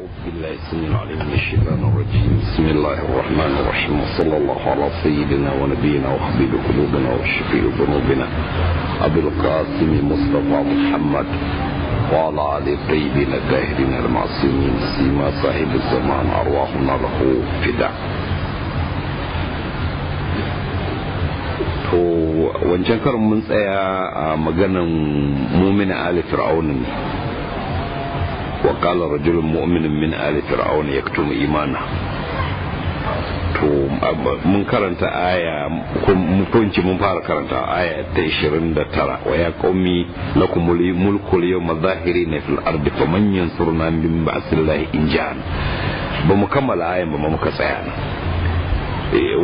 أعوذ بالله السميع العليم من الشيطان الرجيم بسم الله الرحمن الرحيم وصلى الله على سيدنا ونبينا وحبيب قلوبنا وشفيع ذنوبنا أبي القاسم مصطفى محمد وعلى آل طيبين الطاهرين المعصومين سيما صاحب الزمان أرواحنا له فداء to wancan karin mun tsaya a maganan mumina ali fir'aunin وقال رجل مؤمن من آل فرعون يكتم إيمانه to mun karanta aya kunci mun fara karanta aya ta 29 wa ya qaumi lakum al-yawm adh zahirina fil ardi faman yansuruna min ba'sillahi in jaan ba mu kammala aya ba muka tsaya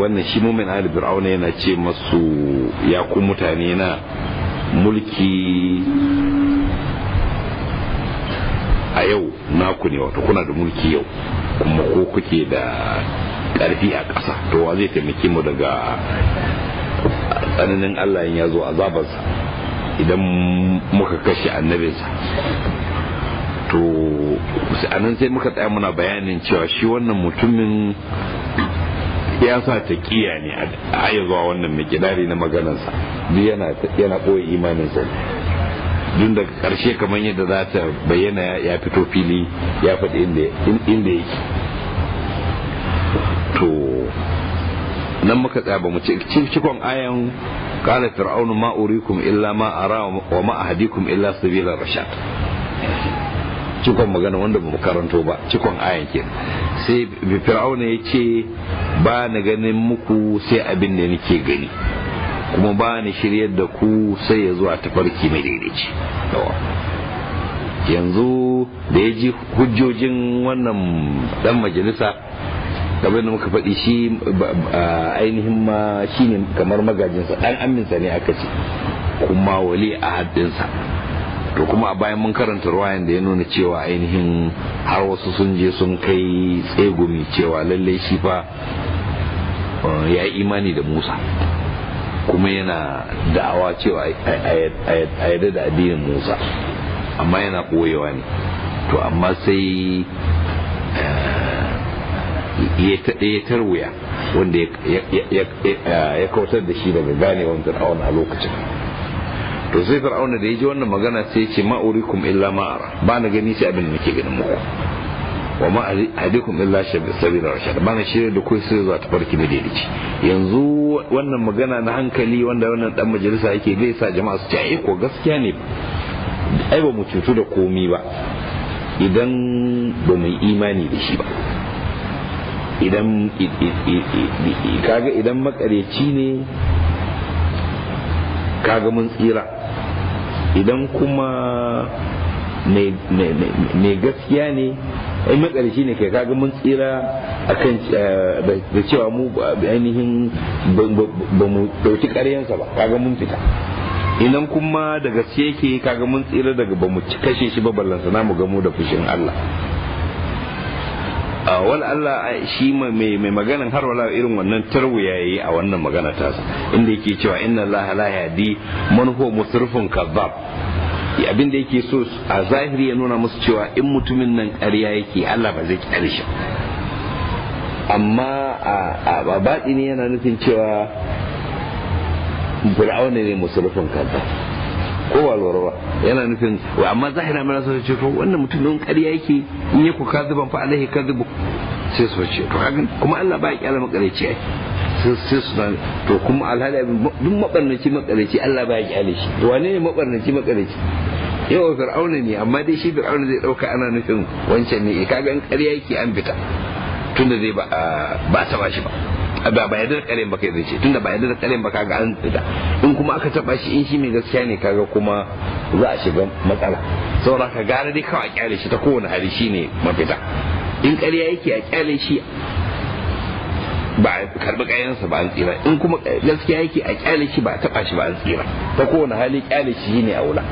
wannan shi mumin ali fir'auna yana ce masu ya ku mutane na mulki a yau naku ne wato kuna da mulki yau kuma ko kuke da karfi a ƙasa to wa zai taimake mu daga tsananin Allah ya zo azabarsa idan muka kashe annabinsa to anan sai muka tsaya muna bayanin cewa shi wannan mutumin ya sa ta kiya ne a zuwa wannan mai gidari na maganarsa duk yana ɓoye imaninsa dun daga karshe kamar yadda za ta bayyana ya fito fili ya faɗi inda yake to nan muka tsaya cikon ayan qala fir'aunu ma urikum illa ma ara wa ma ahadikum illa sabila rashad cikon magana wanda ba mu karanto ba cikon ayan ke sai fir'auna ya ce ba na ganin muku sai abin da nake gani kuma ba ni shiryar da ku sai ya zuwa tafarki mai daidaici yanzu da ya ji hujjojin wannan dan majalisa kamar da muka faɗi shi ainihin ma shi ne kamar magajinsa ɗan aminsa ne aka ce kuma wali a haddinsa to kuma a bayan mun karanta ruwayan da ya nuna cewa ainihin har wasu sun je sun kai tsegumi cewa lallai shi fa eh, ya imani da musa kuma yana da'awa cewa a yadda da addinin musa amma yana ɓoyewa ne to amma sai eh, ya tarwuya wanda eh, ya kautar da shi daga ganewan fir'auna a lokacin to sai fir'auna da ya ji wannan magana sai ce ma'urikum illa ma'ara ba na gani sai abin da nake ganin muku wa ma hadikum illa sabila rashad bana shirya da kai sai zuwa tafarki madaidaici yanzu wannan magana na hankali wanda wannan dan majalisa yake zai sa jama'a su ce ai ko gaskiya ne ai ba mu cutu da komi ba idan ba mu imani da shi ba idan kaga idan makareci ne kaga mun tsira idan kuma mai gaskiya ne in shi ne ke kaga mun tsira a kan eh, da cewa mu ainihin ba mu dauki ƙaryansa ba kaga mun fita idan kuma daga gaske yake kaga mun tsira daga ba mu kashe shi ba ballansa na mu gamu da fushin Allah wal Allah shi mai maganin har wala irin wannan tarwiya yayi a wannan magana tasa inda yake cewa inna Allah la yahdi man huwa musrifun kazzab abin da yake so a zahiri ya nuna musu cewa in mutumin nan ƙarya yake Allah ba zai kare shi amma a baɗi ne yana nufin cewa fir'auna ne musulufin kanta ko ba ba yana nufin amma zahira mana sun ce to wannan mutumin ƙarya yake in ya ku kaziban fa alaihi kazubu sai su ce to kuma Allah ba ya kyale makareci yake sai su to kuma alhali duk mabarnaci makareci Allah ba ya kyale shi to wane ne mabarnaci makareci yawa fir'auna ne amma dai shi fir'auna zai dauka ana nufin wancan ne eh, kaga in ƙarya yake an fita tunda zai ba a taba shi ba ba ba yadda karen ba kai zai ce tunda ba yadda karen ba kaga an fita in kuma aka taba shi in shi mai gaskiya ne kaga kuma za a shiga matsala saboda ka gara dai kawai a kyale shi ta kowane hali shine mafita in ƙarya yake a kyale shi ba a karbi kayansa ba an tsira in kuma gaskiya yake a kyale shi ba a taba shi ba an tsira ta kowane hali kyale shi ne wula.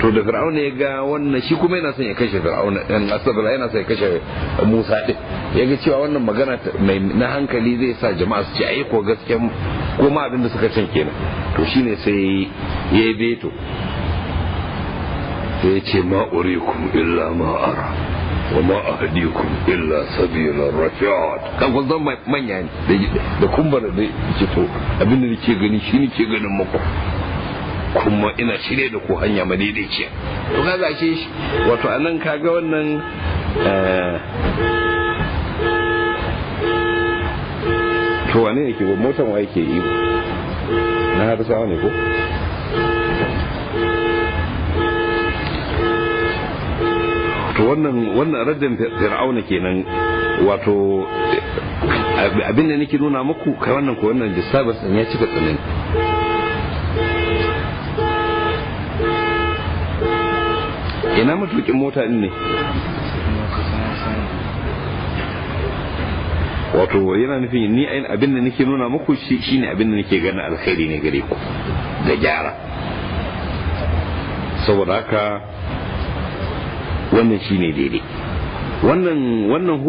to da fir'auna ya ga wannan shi kuma yana son ya kashe fir'auna dan asabar yana son ya kashe Musa din ya ga cewa wannan magana mai na hankali zai sa jama'a su ce ai ko gaskiya ko abin da suka can kenan to shine sai ya yi beto sai ya ce ma urikum illa ma wa ma ahdikum illa sabila rashad kan kun zan manya ne da kumbara da ke to abinda nake gani shi nake ganin muku kuma ina shirye da ku hanya ce to zace shi wato anan kaga wannan eh, to wane yake motan wa yake yi na har ne ko to wannan wannan raddin fir'auna kenan wato abin da nake nuna muku kai wannan ko wannan lissafin din ya cika tsanin ina mutukin mota din ne wato yana nufin ni ayin abin da nake nuna muku shi shine abin da nake gani alkhairi ne gare ku da gyara saboda haka wannan shine daidai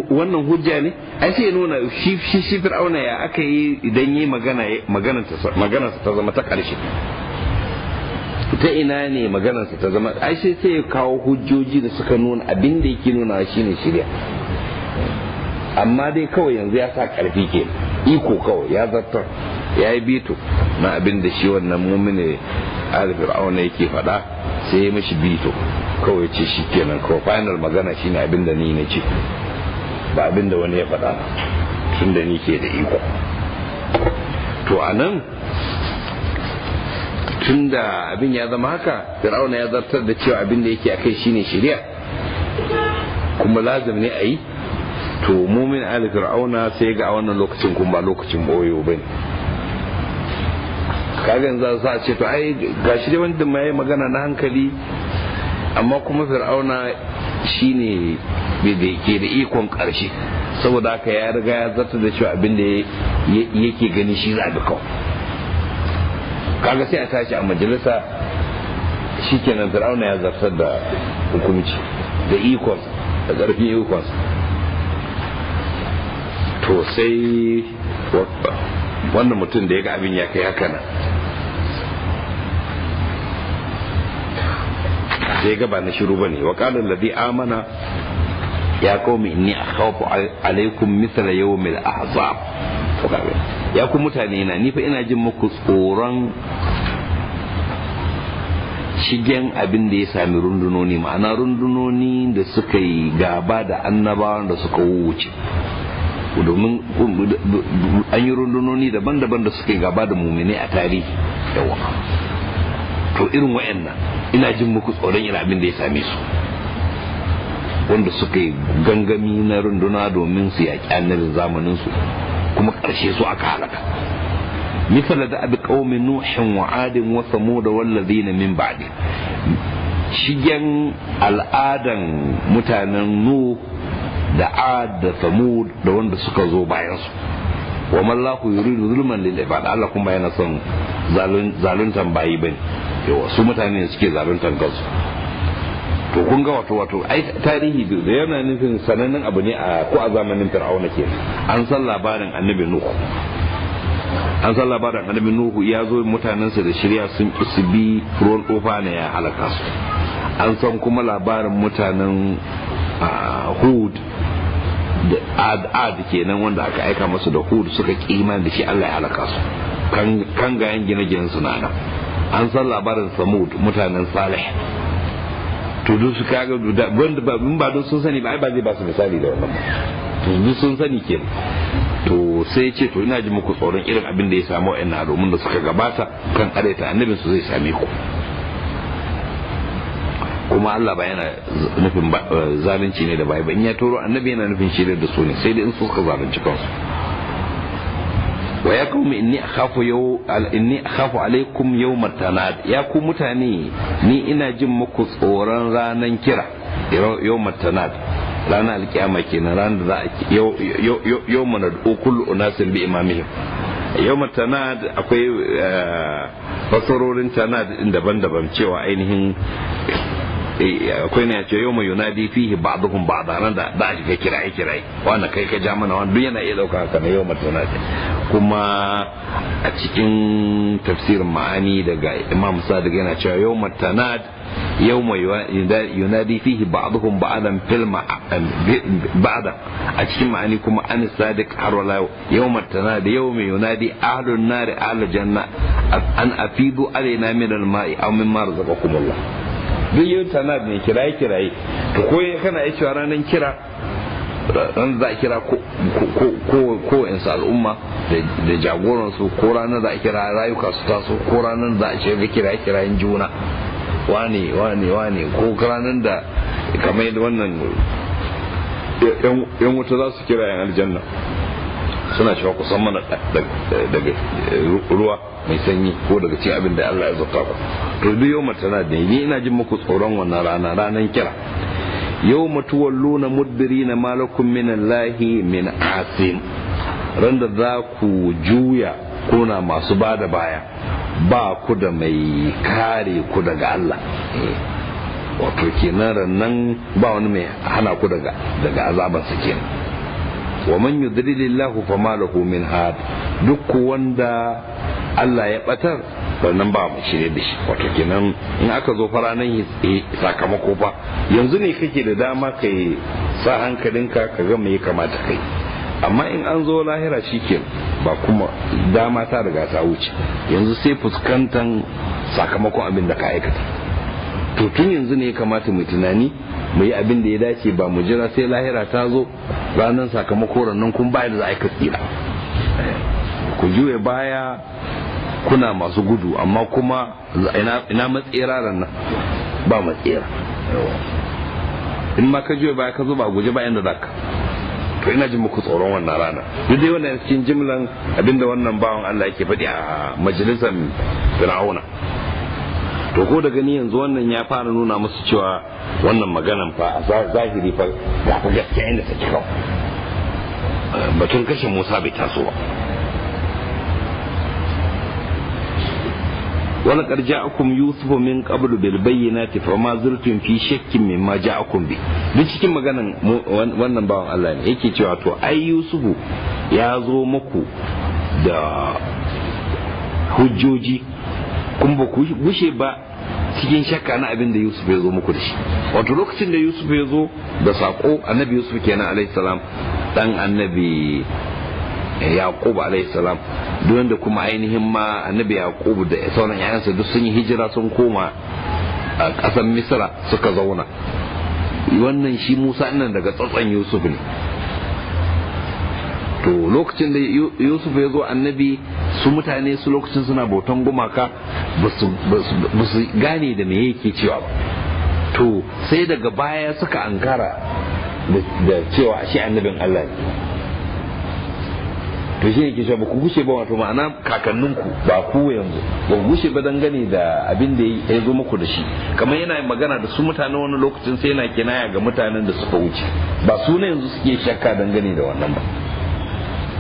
wannan hujja ne ai sai nuna shi shi shi fir'auna ya aka yi idan yi magana ta ta zama ta karshe ta ina ne maganar ta zama ai sai sai kawo hujjoji da suka nuna abinda da yake nuna shine shirya amma dai kawai yanzu ya sa karfi ke iko kawai ya zartar ya yi bito na abin da shi wannan mumini al fir'auna yake faɗa sai ya mishi bito kawai ce shi kenan kawai final magana shine abin da ni na ce ba abin da wani ya faɗa tun da ni ke da iko to a nan tun da abin ya zama haka fir'auna ya zartar da cewa abin da yake a kai shine shari'a kuma lazim ne a yi to mumin ali fir'auna sai ga wannan lokacin kuma ba lokacin boyo bane kagan za su ce to ai gashi shi wanda mai magana na hankali amma kuma fir'auna shine ke da ikon karshe saboda haka ya riga ya zarta da cewa abin da yake gani shi za a bi kawo. kaga sai a tashi a majalisa shikenan fir'auna ya zartar da hukunci da ikon da ƙarfin ikon to sai wannan mutum da ya ga abin ya kai haka nan sai ga ba na shiru bane wa qalan ladhi amana ya qaumi inni akhafu alaikum mithla yawmil ahzab ya ku mutane na ni fa ina jin muku tsoron shigen abin da ya sami rundunoni ma'ana rundunoni da suka yi gaba da annabawan da suka wuce domin an yi rundunoni daban-daban da suka yi gaba da mumine a tarihi yawa to irin wa'annan ina jin muku tsoron ina abin da ya same su wanda suka yi gangami na runduna domin su yaƙi annabin zamanin su kuma ƙarshe su aka halaka misal da abi qaumi nuhin wa adin wa samud wal ladina min ba'di shigen al'adan mutanen nu da ad da samud da wanda suka zo bayan su wa mallahu yuridu zulman lil ibad Allah kuma yana son zaluntan bayi bane yawa su mutane ne suke zaben kansu to kun ga wato wato ai tarihi da yana nufin sanannen abu ne a ko a zamanin fir'auna ke an san labarin annabi nuhu an san labarin annabi nuhu ya zo mutanensa da shirya sun su bi ruwan tsofa ne ya halaka su an san kuma labarin mutanen hud ad ad kenan wanda aka aika masu da hud suka kima da shi Allah ya halaka su kan gayan gine-ginen su na an san labarin samud mutanen salih to duk su kaga guda wanda ba ba sun sani ba ai ba zai ba su misali da wannan to duk sun sani kenan to sai ce to ina ji muku tsoron irin abin da ya samu wa'annan domin da suka gabata kan ta annabin su zai same ku kuma Allah ba yana nufin eh, zalunci ne da bai ba in ya turo annabi yana nufin shirya da su ne sai dai in su suka zalunci kansu wa ya kuma inni akhafu yau inni akhafu alaikum yawm tanad ya ku mutane ni ina jin muku tsoron ranan kira yawm tanad ranar alkiyama kenan ranar da za a yawma nad'u kullu unasin bi imamihim yawm tanad akwai eh, fasarorin tanad daban-daban cewa ainihin Eh, akwai na ce yau mai yunadi fihi ba da nan da da shi kirai kirai wannan kai ka ja mana wannan duk yana iya dauka haka na yau mai yunadi kuma a cikin tafsirin ma'ani daga Imam Sadiq yana cewa yau matanad يوم ينادي فيه بعضهم بعضا في ba'da a cikin ma'ani kuma an sadiq har wala yawma tanadi yawma yunadi ahlun nari ahlul janna an afidu alaina min al-ma'i رزقكم الله razaqakumullah duk yau tanad ne to ko kana yi cewa kira ran za a kira ko insu al'umma da jagoransu ko ranar za a kira rayuka su taso ko ranar za a ce ga kira kirayen juna wani wani wani ko ranar da kamar yadda wannan yan wuta za su kira yan aljanna suna cewa ku daga ruwa mai sanyi ko daga cin abin da Allah ya zo ku to duk yau matana da ni ina jin maku tsoron wannan rana ranar kira yau matuwar luna mudiri na malakun min asim randa za ku juya kuna masu bada baya ba ku da mai kare ku daga Allah wato kenan rannan ba wani mai hana ku daga daga azabansa kenan wa man yudrilillahu fama malahu min had duk wanda Allah ya batar sannan ba mu shirye da shi wato kenan in aka zo fara nan sakamako ba yanzu ne kake da dama kai sa hankalinka ka ga me ya kamata kai amma in an zo lahira ke ba kuma dama ta riga ta wuce yanzu sai fuskantan sakamakon abin da ka aikata to tun yanzu ne ya kamata mu tunani mu yi abin da ya dace ba mu jira sai lahira ta zo ranar sakamakon rannan kun bayar da aika tsira ku juye baya kuna masu gudu amma kuma ina matsera ranar ba matsera in ma ka juye baya ka zo ba guje ba inda zaka to ina jin muku tsoron wannan rana duk dai wannan cikin jimlan abinda wannan bawan Allah yake faɗi a majalisar Fir'auna to ko da ni yanzu wannan ya fara nuna musu cewa wannan maganan fa zahiri fa ga gaskiya inda take kawai batun kashe Musa bai taso ba ولقد جاءكم يوسف من قبل بالبينات فما زلتم في شك مما جاءكم به duk cikin maganan wannan bawan Allah ne yake cewa to ai Yusufu ya zo muku da hujjoji kun ba ku gushe ba cikin shakka na abin da Yusuf ya zo muku da shi wato lokacin da Yusuf ya zo da sako annabi Yusuf kenan alaihi salam dan annabi yaqub alayhi salam duk da kuma ainihin ma annabi yaqub da sauran yayansa duk sun yi hijira sun koma a ƙasar misra suka zauna wannan shi musa nan daga tsatsan yusuf ne to lokacin da yusuf ya zo annabi su mutane su lokacin suna bautan gumaka ba su gane da me yake cewa ba to sai daga baya suka ankara da cewa shi annabin allah ne to shi yake cewa ba ku gushe ba wato ma'ana kakanninku ba ku yanzu ba ku gushe ba dangane da abin da ya zo muku da shi kamar yana magana da su mutane wani lokacin sai yana kinaya ga mutanen da suka wuce ba su ne yanzu suke shakka dangane da wannan ba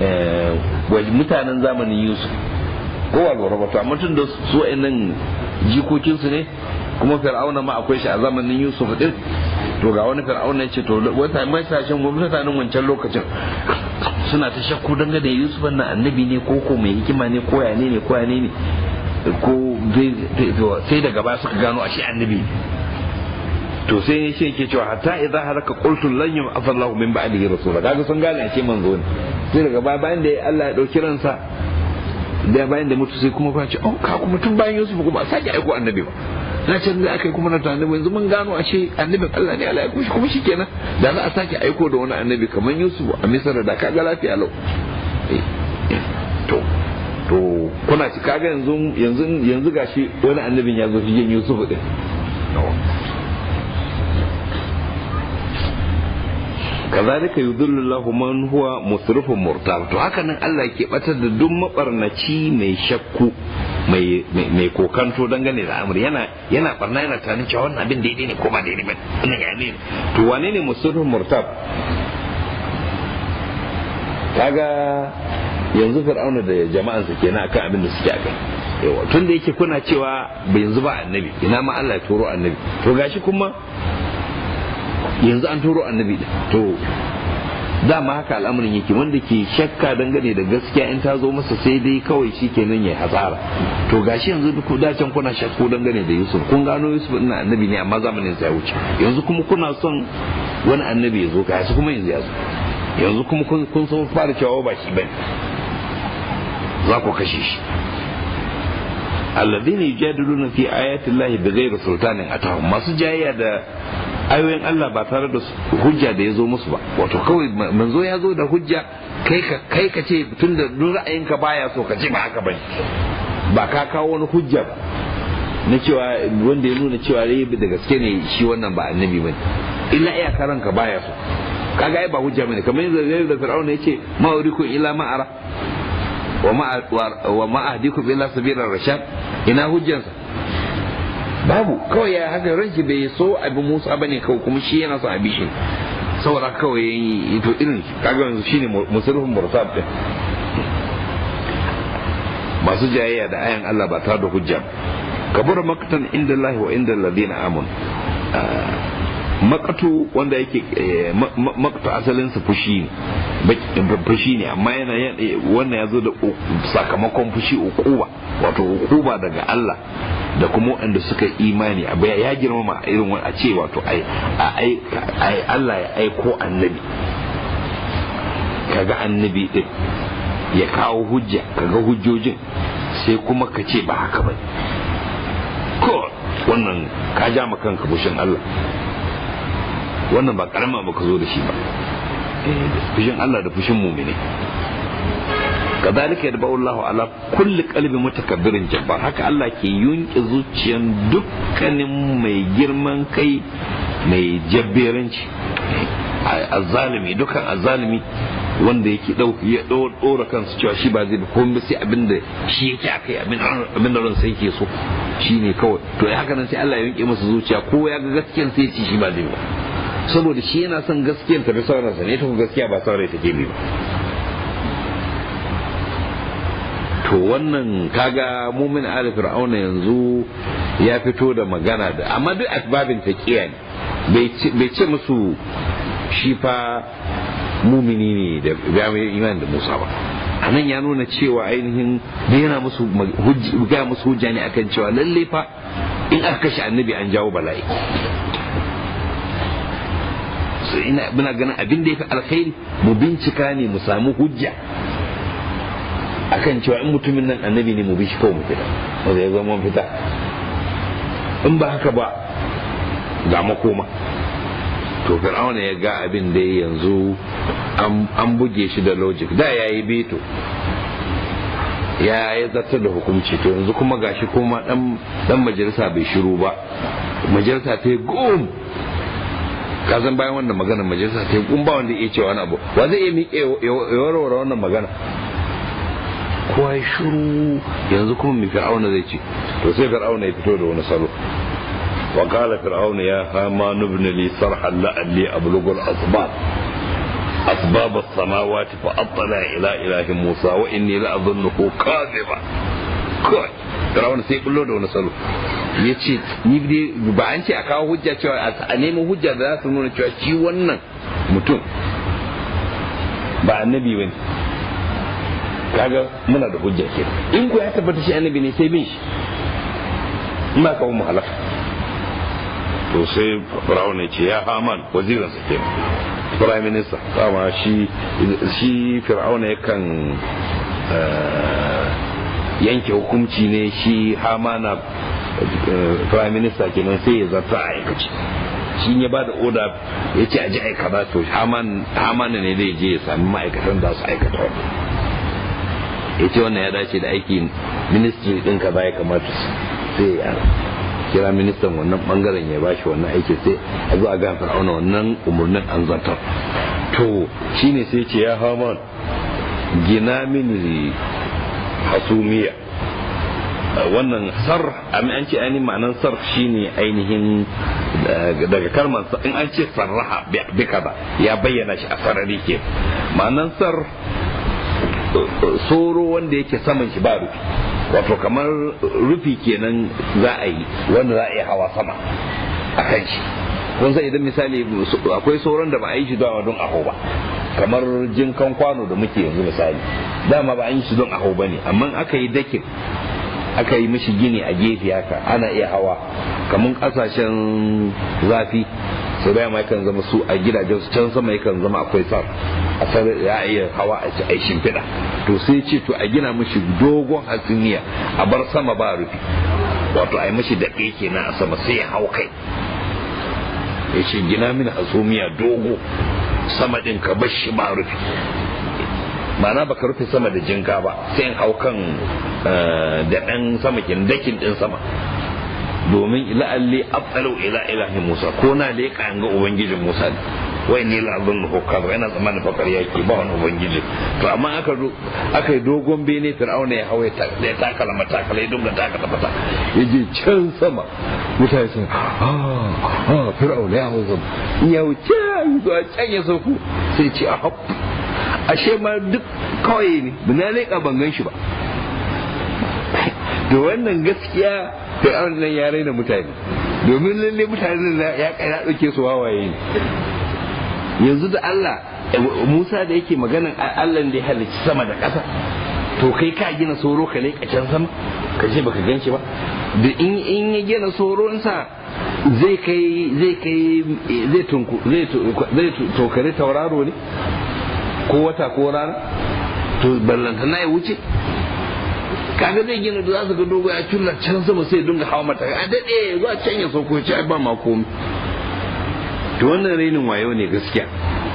eh, wajen mutanen zamanin yusuf wa lura ba to amma tun da su nan jikokinsu ne kuma fir'auna ma akwai shi a zamanin yusuf din to ga wani fir'auna ya ce to wata mai sashen gwamnati wancan lokacin suna ta shakku don da yusuf na annabi ne ko ko mai hikima ne ko yane ne ko yane ne ko sai daga ba suka gano ashe annabi to sai ya shi yake cewa hatta idza halaka qultu lan yum afallahu min ba'dihi rasula kaga sun gane ashe manzo ne sai daga ba bayan da Allah ya dauki ransa da bayan da mutu sai kuma ba ce oh ka kuma tun bayan Yusuf kuma a sake aiko annabi ba na can da aka yi kuma na tunanin yanzu mun gano a ce annabin Allah ne Allah ya kushe kuma shikenan da za a sake aiko da wani annabi kamar Yusuf a Misar da kaga lafiya lau eh, to to kuna ci kaga yanzu yanzu yanzu gashi wani annabin ya zo shi Yusuf din kazalika yudhillu lahu man huwa musrifun murtab to haka nan Allah yake batar da duk mabarnaci mai shakku mai mai kokanto dangane da amri yana yana barna yana tunanin cewa wannan abin daidai ne ko ba daidai ba wannan ya ne to wane ne musrifun murtab kaga yanzu fir'auna da su kenan akan abin da suke aka yawa tun da yake kuna cewa bai yanzu ba annabi ina ma Allah ya turo annabi to gashi kuma yanzu an turo annabi da to dama haka al'amarin yake wanda ke shakka dangane da gaskiya in ta zo masa sai dai kawai shi ke nan ya hatsara to gashi yanzu duk dacen kuna shakku dangane da yusuf kun gano yusuf ina annabi ne amma zamanin sa ya wuce yanzu kuma kuna son wani annabi ya zo ka yasu kuma yanzu ya zo yanzu kuma kun san fara cewa ba shi bane za ku kashe shi alladhina yujadiluna fi ayati llahi bighayri sultanin atahum masu jayya da ayoyin Allah ba tare da hujja da ya zo musu ba wato kawai manzo ya zo da hujja kai ka kai ka ce tunda duk ra'ayinka baya so ka ce ba haka bane ba ka kawo wani hujja ba na cewa wanda ya nuna cewa rai eh, da gaske ne shi wannan ba annabi bane illa iya karanka baya so kaga ai ba hujja bane kamar yanzu da Fir'auna yace ma uriku ila ma'ara wa ma'ahdikum illa sabila rashad ina hujjansa babu kawai ya haka ranki bai so abin Musa bane kawai kuma shi yana so abi shi saboda kawai yayi to irin kaga yanzu shine musulhun mursal din masu jayayya da ayan Allah ba ta da hujja kabur maktan inda Allah wa inda alladhina amanu ah. makato wanda yake eh, makato sa fushi ne fushi ne amma yana eh, wannan ya da sakamakon fushi ukuba wato ukuba daga Allah da kuma waɗanda suka imani abu ya girmama irin wani a ce wato Allah ya aiko annabi kaga annabi din ya kawo hujja kaga hujjojin sai kuma ka ce ba haka ba ko wannan ka ja kanka bushin Allah wannan ba karama ba ka zo da shi ba eh, fushin Allah da fushin mumini kazalika yadba'u Allah ala kulli qalbi mutakabbirin jabbar haka Allah ke yunki zuciyan dukkanin mai girman kai mai jabberanci azzalimi dukkan azzalimi wanda yake dauki ya dora kansu cewa shi ba zai bi komai sai abin da shi yake akai abin da ran sai yake so shine kawai to ya haka nan sai Allah ya yunke masa zuciya ko ya ga gaskiyar sai ya ci shi ba zai ba saboda shi yana son gaskiyar ta bi sauransa ne ta ku gaskiya ba saurai ta bi ba to wannan kaga mumin ali fir'auna yanzu ya fito da magana da amma duk asbabin kiya ne bai ce musu shi fa mumini ne da bai imani da Musa ba A nan ya nuna cewa ainihin da yana musu hujja musu hujja ne akan cewa lallai fa in aka kashe annabi an jawo bala'i ina muna ganin abin da ya fi alkhairi mu bincika ne mu samu hujja akan cewa in mutumin nan annabi ne mu bi shi kawai mu fita mu zai zama fita in ba haka ba ga makoma to fir'auna ya ga abin da yanzu an buge shi da logic da ya yi beto ya yi zartar da hukunci to yanzu kuma gashi kuma dan majalisa bai shiru ba majalisa ta yi gum ka bayan wannan magana majalisa sai kun ba wanda ya ce wani abu wa zai yi ya warware wannan magana kowa ya shiru yanzu kuma mai fir'auna zai ce to sai fir'auna ya fito da wani salo wa kala fir'auna ya hama nubni li sarhan la'alli ablughul asbab asbab as-samawati fa attala ila ilahi musa wa inni la'adhunnuhu kadhiba kawai firawuna sai kullo da wani salo ya ce ni dai ba an ce a kawo hujja cewa a neman hujja da za su nuna cewa shi wannan mutum ba annabi bane kaga muna da hujja ke in ku ya tabbata shi annabi ne sai bin shi ina kawo mu halaka to sai firawuna ya ce ya haman wazirinsa ke prime minister dama shi shi fir'auna kan. Eh, yanke hukunci ne shi hamana eh, prime minister kenan sai ya zata a aikace shi ya da oda ya ce a ji aikata to hamana ne zai je ya sami ma'aikatan za su aikata wani ya ce wannan ya dace da aiki ministry din ka baya kamata sai ya kira ministan wannan bangaren ya bashi wannan aiki sai a zuwa a ga fir'auna wannan umarnin an zartar to shine sai ce ya haman gina mini hasumiya wannan sar an ce ainihin ma'anar sar shine ainihin eh, daga kalmar in an ce sarraha bi kaza ya bayyana shi a sarari ke ma'anar sar soro wanda yake saman shi ba rufi wato kamar rufi kenan za a yi wanda za a yi hawa sama a kan shi kun san idan misali akwai sauran da ba a yi shi don don aho ba kamar jinkan kwano da muke yanzu misali dama ba a yi shi don aho ba ne amma aka yi dakin aka yi mishi gini a gefe haka ana iya hawa kamar kasashen zafi bayan da yakan zama su a gidajen su can sama yakan zama akwai sar a sar ya iya hawa a shimfiɗa to sai ce to a gina mishi dogon hasumiya a bar sama ba rufi wato a yi mishi daɗe kenan a sama sai ya hau kai ya ce gina mini hasumiya dogo sama din ka bar shi ba rufe ma'ana baka rufe sama da jinka ba sai in hau kan eh, da ɗan sama kin dakin ɗin sama domin la'alli abtalau ila ilahi musa ko na leƙa ga ubangijin musa ne wai ni la azunnu hukaba ina tsammanin fakar yake ba wani ubangiji to amma aka aka yi dogon bene fir'auna ya hawaye ta ya takala matakala ya dunga takala mata ya je can sama mutane sun ah, ah fir'auna ya hawaye zama ya wuce zo can ya sauko sai ce a ah, hap ashe ma duk kawai ne ba na ka ban gan shi ba da wannan gaskiya fir'auna nan ya raina mutane domin lalle mutanen ya ɗauke su wawaye ne yanzu da Allah Musa da yake maganan Allah da ya halicci sama da ƙasa to kai ka gina soro ka leƙa can sama ka ce baka gan shi ba da in ya gina soronsa zai kai zai kai zai tunku zai tokari tauraro ne ko wata ko rana to na ya wuce kaga zai gina da za su ga dogo ya culla can sama sai dinga hawa mata a daɗe zuwa can ya sauko ya ba ma komai to wannan rainin wayo ne gaskiya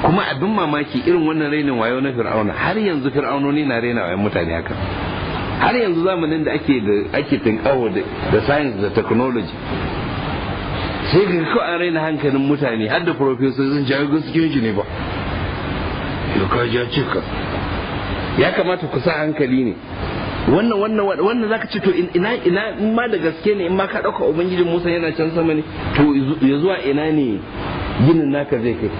kuma abin mamaki irin wannan rainin wayo na fir'auna har yanzu fir'aunoni na raina wayan mutane haka har yanzu zamanin da ake da ake tinkawo da science da technology sai ga ko an raina hankalin mutane har da professors sun jawo gaskiyanci ne ba ka ja cika ya kamata ku sa hankali ne wannan wannan wannan zaka ce to ina ina in ma da gaske ne in ma ka dauka ubangijin Musa yana can sama ne to ya zuwa ina ne ginin naka zai kai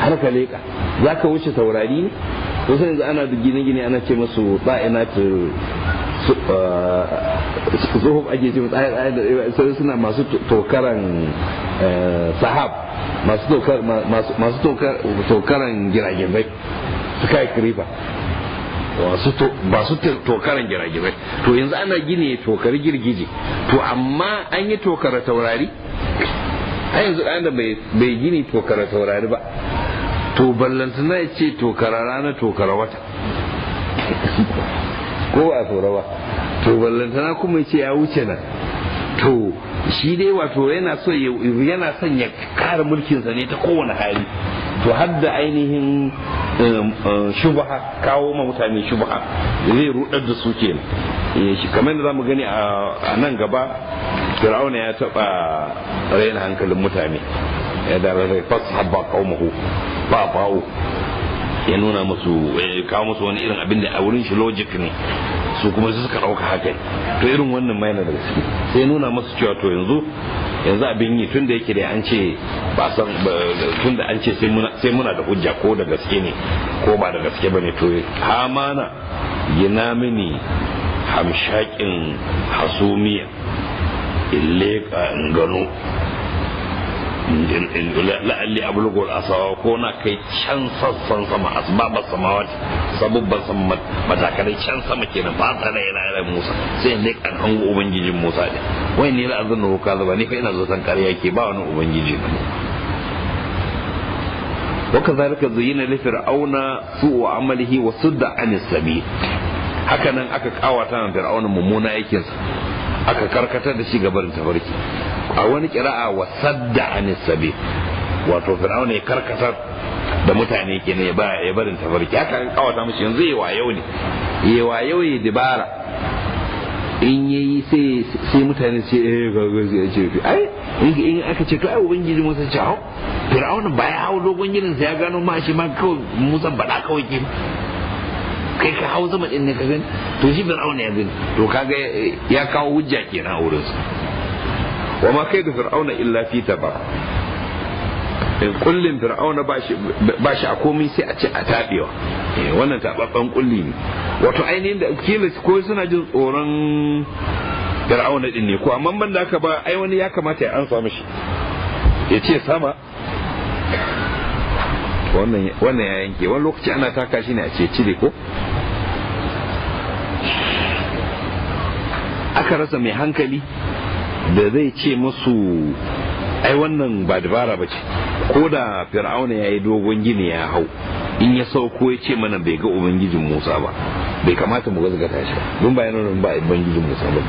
har ka leka za ka wuce taurari ne wasu yanzu ana da gine-gine ana ce masu ba'ina uh, zuhub ake ce sai suna masu tokaran eh, sahab masu tokaran giragirai su kai ba masu tokaran giragirai to yanzu ana gine tokar girgije to amma an yi tokar taurari a yanzu ɗan da bai gini tokara taurari ba to ballantana ya ce tokara rana tokara wata ko ba a tsoro ba to ballantana kuma ya ce ya wuce nan to shi dai wato yana so yana son ya kare sa ne ta kowane hali to har da ainihin um, um, shubha kawo ma mutane shubha zai rudar da su kenan eh, kamar za mu gani a nan gaba fir'auna ya taba raina hankalin mutane ya da rarrafa sahabba qaumahu ba bawo ya nuna musu eh, kawo musu wani irin abin da a wurin shi logic ne su kuma su suka ɗauka haka to irin wannan mai na daga ciki sai nuna musu cewa to yanzu yanzu abin yi tunda yake da an ce ba san tun an ce sai muna da hujja ko da gaske ne ko ba da gaske ba ne to hamana gina mini hamshakin hasumiya in leƙa la'alli ablugu al-asawa ko na kai can sassan sama asbabar samawat sabubban sama matakalai can sama kenan ba ta da yana yana Musa sai ne kan hango ubangijin Musa ne wai ne la na ruka zaba ne fa ina zo san ƙarya ke ba wani ubangiji ba auna su wa سوء wasu da anis السبيل hakanan aka kawata fir'auna mummuna aikinsa aka karkatar da shi gabar tafarki a wani kira'a wa da anis sabi wato fir'auna ya karkatar da mutane ke ne ya barin tafarki aka an kawata mishi yanzu yi yau ne yi yau yi dibara in yi sai mutane ce eh ga gazi a ce ai in aka ce to ai ubangiji musa ce hau fir'auna ba ya hau dogon gidan sai ya gano ma shi ma kawai musa bada kawai ke kai ka hau sama din ne ka gani to shi fir'auna ya gani to kaga ya kawo hujja kenan a wurin wa ma kai da fir'auna illa fi tabar in kullin fir'auna ba shi a komai sai a ce a tabewa eh, wannan tababban kulli ne wato ainihin da kila ko suna jin tsoron fir'auna din ne ko amma ban da aka ba ai wani ya kamata ya ansa mishi ya ce sama wannan wannan ya yanke wani lokaci ana taka shi ne a ce cire ko aka rasa mai hankali da zai ce musu ai wannan ba dabara ba ce ko da fir'auna ya yi dogon gini ya hau in ya sauko ya ce mana bai ga ubangijin musa ba bai kamata mu gazgata shi don ba yana ba ubangijin musa ba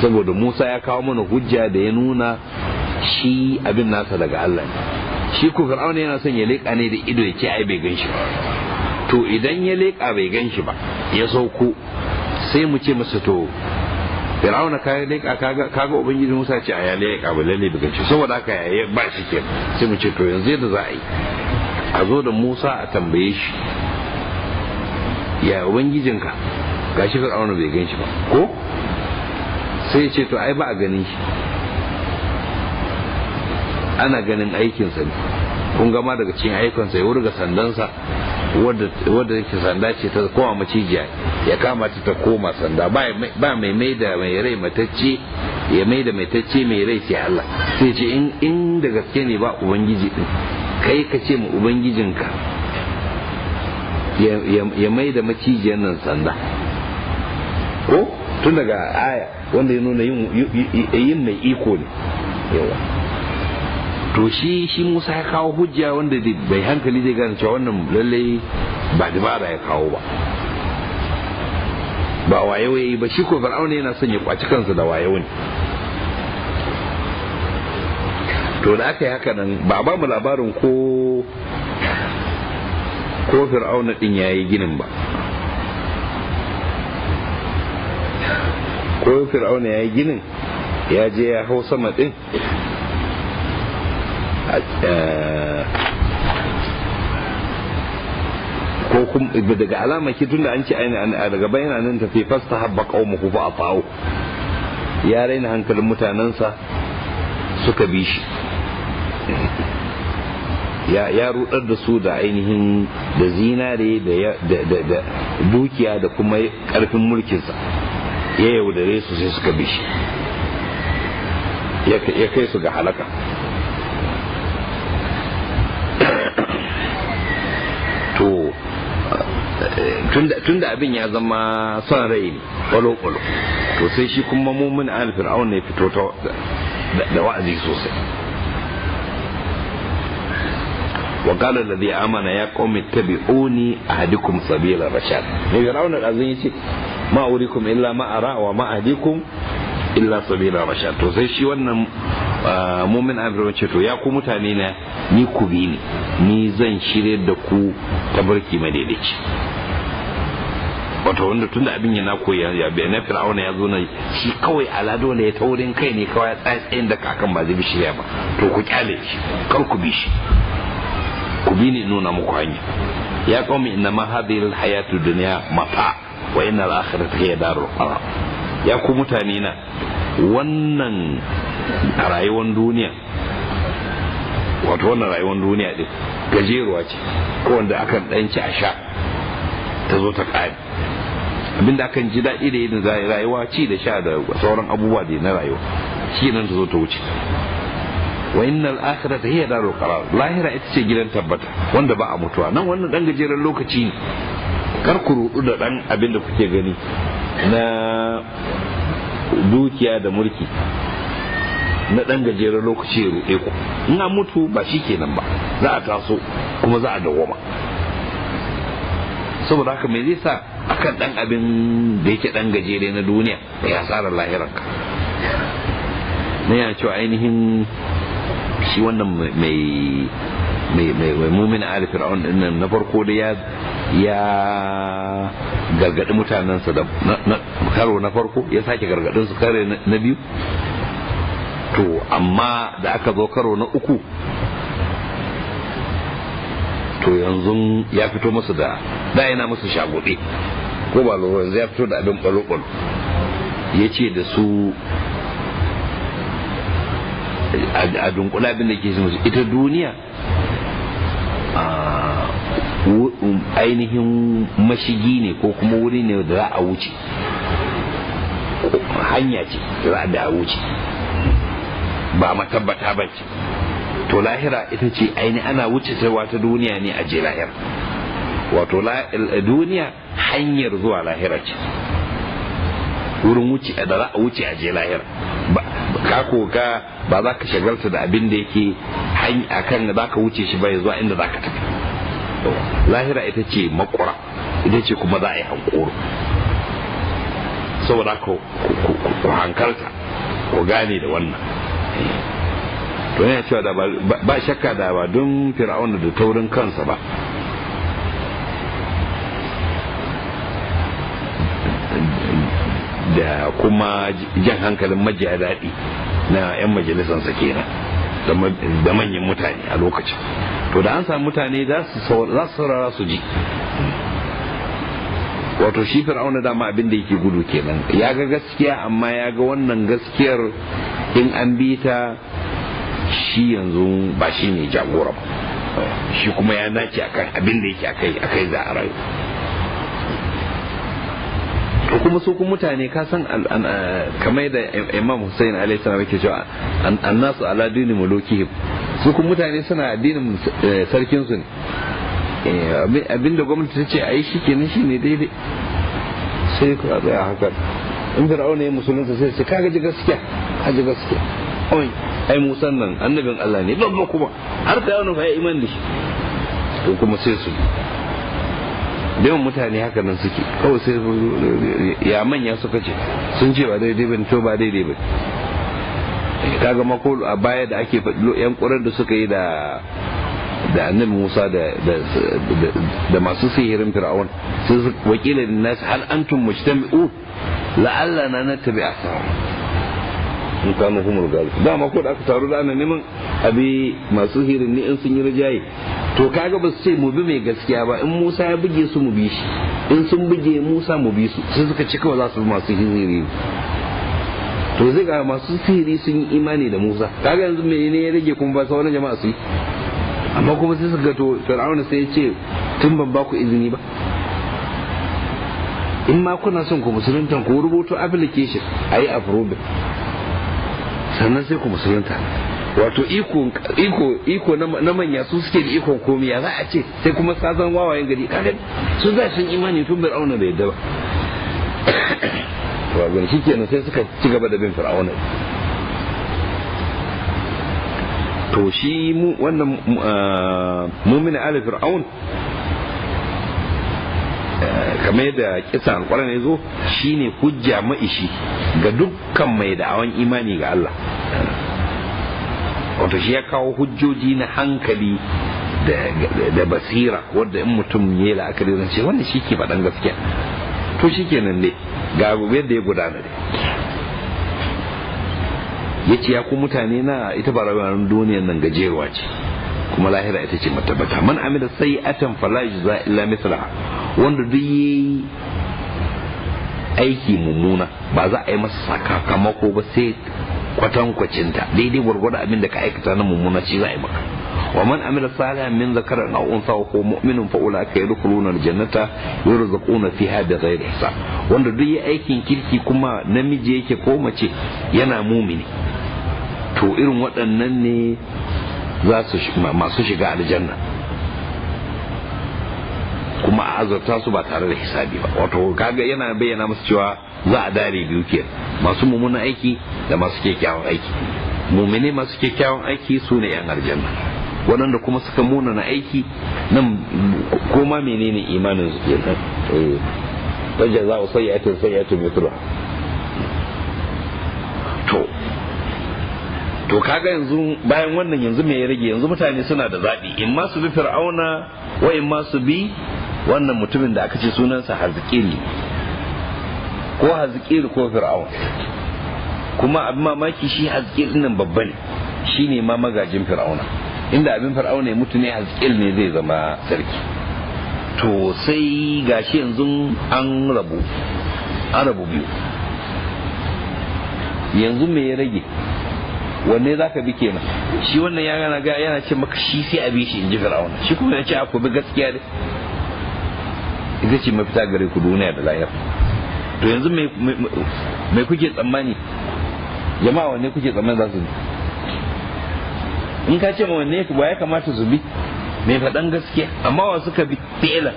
saboda musa ya kawo mana hujja da ya nuna shi abin nasa daga allah ne shi ko fir'auna yana son ya leƙa ne da ido ya ce ai bai ganshi ba to idan ya leƙa bai ganshi ba ya sauko sai mu ce masa to fir'auna ka leƙa kaga kaga ubangiji Musa ce a ya leƙa ba lalle bai ganshi saboda haka ya ba shi ke sai mu ce to yanzu yadda za a yi a zo da Musa a tambaye shi ya ubangijinka gashi fir'auna bai ganshi ba ko sai ya ce to ai ba a ganin shi ana ganin aikinsa ne kun gama daga cikin aikinsa ya wurga sandansa wadda yake sanda ce ta koma macijiya ya kama ta ta koma sanda ba mai mai da mai rai matacce ya mai da matacce mai rai sai Allah sai ce in da gaske ne ba ubangiji din kai ka ce ma ubangijinka ya mai da macijiyar nan sanda ko tun daga aya wanda ya nuna yin mai iko ne yawa to shi shi musa ya kawo hujja wanda bai hankali zai gane cewa wannan lallai ba dabara ya kawo ba ba wayewa yi ba shi ko fir'auna yana son ya kwaci kansa da waye wani to da aka yi haka nan ba ba mu labarin ko ko fir'auna din ya yi ginin ba ko fir'auna ya yi ginin ya je ya hau sama din ko kuma daga alama ki tunda an ce aina daga bayan nan tafi fasta habba qaumuhu a ata'u ya raina hankalin mutanensa suka bi shi ya rudar da su da ainihin da zinare da dukiya da kuma karfin mulkinsa ya yaudare su sai suka bi shi ya kai su ga halaka Eh, tunda abin ya zama son rai ne kwalo-kwalo to sai shi kuma mummuna al fir'aun ne fito da wa'azi sosai wa qala alladhi amana ya qaumi tabi'uni ahdikum sabila rashad ne fir'aun azin ce ma urikum illa ma ara wa ma illa sabila rashad to sai shi wannan ah, mumin abirwa ce to ya ku mutane na ni ku bi ni ni zan shirye da ku tabarki madaidaici wato wanda tunda abin yana koyi ya bai na fir'auna ya zo na shi kawai ala dole ya taurin kai ne kawai tsayin da kakan ba zai bi ba to ku kyale shi kar ku bi shi ku bi ni nuna muku hanya ya qaumi inna ma hadhihi alhayatu dunya mata wa inna al hiya darul qarar ya ku mutane na wannan rayuwar duniya wato wannan rayuwar duniya din gajeruwa ce ko wanda akan danci a sha ta zo ta kare. abinda akan ji daɗi da yin rayuwa ci da sha da sauran abubuwa da na rayuwa shi nan ta zo ta wuce wa innal akhirata hiya darul qarar lahira ita ce gidan tabbata wanda ba a mutuwa nan wannan dan gajeren lokaci ne kar ku rudu da dan abin da kuke gani na dukiya da mulki na dan gajeren lokaci ya rude ku in mutu ba shi kenan ba za a taso kuma za a dawoma saboda haka me zai sa akan dan abin da yake dan gajere na duniya da ya tsara lahiranka na ya cewa ainihin shi wannan mai mai mai mumin ali fir'aun din nan na farko da ya ya gargadi mutanensa da karo na farko ya sake gargadin su kare na biyu to amma da aka zo karo na uku to yanzu ya fito musu da da yana musu shagobe ko ba lura yanzu ya fito da abin balo-balo ya ce da su a dunkula abin da ke musu ita duniya ainihin mashigi ne ko kuma wuri ne da za a wuce hanya ce da za a wuce ba matabbata ba ce to lahira ita ce aini ana wuce cewa ta duniya ne a je lahira wato eh, duniya hanyar zuwa lahira ce wurin wuce da za a wuce a je lahira ka ga ba za ka shagalta da abin da yake a kan da za ka wuce shi bai zuwa inda za ka tafi lahira ita ce makura ita ce kuma za a yi hankoro saboda ku hankalta ku gane da wannan eh. to yana cewa da ba shakka da ba don fir'auna da taurin kansa ba da kuma jan hankalin majiya daɗi na 'yan majalisansa kenan da manyan mutane a lokacin to da an samu mutane za su saurara su ji wato shi fir'auna dama abinda da yake gudu kenan ya ga gaskiya amma ya ga wannan gaskiyar in an bi ta shi yanzu ba shi ne jagora ba shi kuma ya nace akan abin da yake a kai za a rayu ko kuma su kuma mutane ka san kamar da imam hussein alaihi salam yake cewa annasu ala dini mulukihim su kuma mutane suna addinin eh, sarkin su ne eh, abinda gwamnati ta ce ai shi kenan shi ne daidai sai ku a haka in fir'auna ya musulunta sai ce kaga ji gaskiya kaga gaskiya oi ai musan nan annabin Allah ne babba kuma har ta wani ya iman da shi to kuma sai su yawan mutane haka nan suke kawai sai ya manya suka ce sun ce ba daidai bane to ba daidai bane ga mako a baya da ake faɗi yan ƙurar da suka yi da da annabi Musa da da masu sihirin Fir'aun sai wakilin nas hal antum mujtami'u la'allana nattabi'a in kanu humul galu dama ko da aka taru da ana neman abi masu hirin ne in sun yi rijaye to kaga ba su ce mu bi mai gaskiya ba in Musa ya buge su mu bi shi in sun buge Musa mu bi su sai suka ci kawai za su bi masu hirin to zai ga masu sihiri sun yi imani da Musa kaga yanzu ne ya rage kuma ba sauran jama'a su yi amma kuma sai suka to Fir'auna sai ya ce tun ban ba ku izini ba in ma kuna son ku musulunta ku rubuto application ayi approving sannan sai ku musulunta wato iko iko na manya su suke da ikon komai ya za a ce sai kuma sazan wawayen gari kaga su za su imani tun bai auna bai yadda ba to shi kenan sai suka ci gaba da bin fir'auna to shi wannan eh, mumin ali fir'aun kamar da kisa alƙwarar ya zo shi ne hujja maishi ga dukkan mai da'awan imani ga Allah wato shi ya kawo hujjoji na hankali da basira wadda in mutum ya yi la'akari zan ce wanda shi ke faɗan gaskiya to shi ke nan ne ga yadda ya gudana ne ya ce ya ku mutane na ita ba rawar duniyar nan gajeruwa ce kuma lahira ita ce matabata man amila atan fala za illa mithlaha wanda duk yayi aiki mummuna ba za a yi masa sakamako ba sai kwatankwacin ta daidai gwargwada abin da ka aikata na mummuna ce za a yi maka wa man amila salihan min zakara na unsa wa ko mu'minun fa ulaka yadkhuluna aljannata yurzaquna fiha ghairi hisab wanda duk yayi aikin kirki kuma namiji yake ko mace yana mumini to irin waɗannan ne za su masu shiga aljanna kuma a azurta su ba tare da hisabi ba wato kaga yana bayyana musu cewa za a dare biyu ke masu mummunan aiki da masu kyakkyawan aiki mumine masu kyakkyawan aiki su ne yan aljanna waɗanda kuma suka muna na aiki nan koma menene imanin su kenan eh wajen za a sayyatin sayyatin mutuwa to to kaga yanzu bayan wannan yanzu me ya rage yanzu mutane suna da zaɓi in ma su bi fir'auna wa in ma su bi wannan mutumin da aka ce sunansa hazikili ko hazikili ko fir'aun kuma abin mamaki shi hazikili nan babba ne shi ne ma magajin fir'auna inda abin fir'auna ya mutu ne hazikili ne zai zama sarki to sai gashi yanzu an rabu an rabu biyu yanzu me ya rage wanne za ka bi kenan shi wannan ya gana ga yana ce maka shi sai a bi shi in ji fir'auna shi kuma ya ce a ku bi gaskiya dai ita ce mafita gare ku duniya da lahiyar to yanzu mai kuke tsammani jama'a wanne kuke tsammani za su bi in ka ce ma wanne ba ya kamata su bi mai faɗan gaskiya amma wa suka bi fi'ila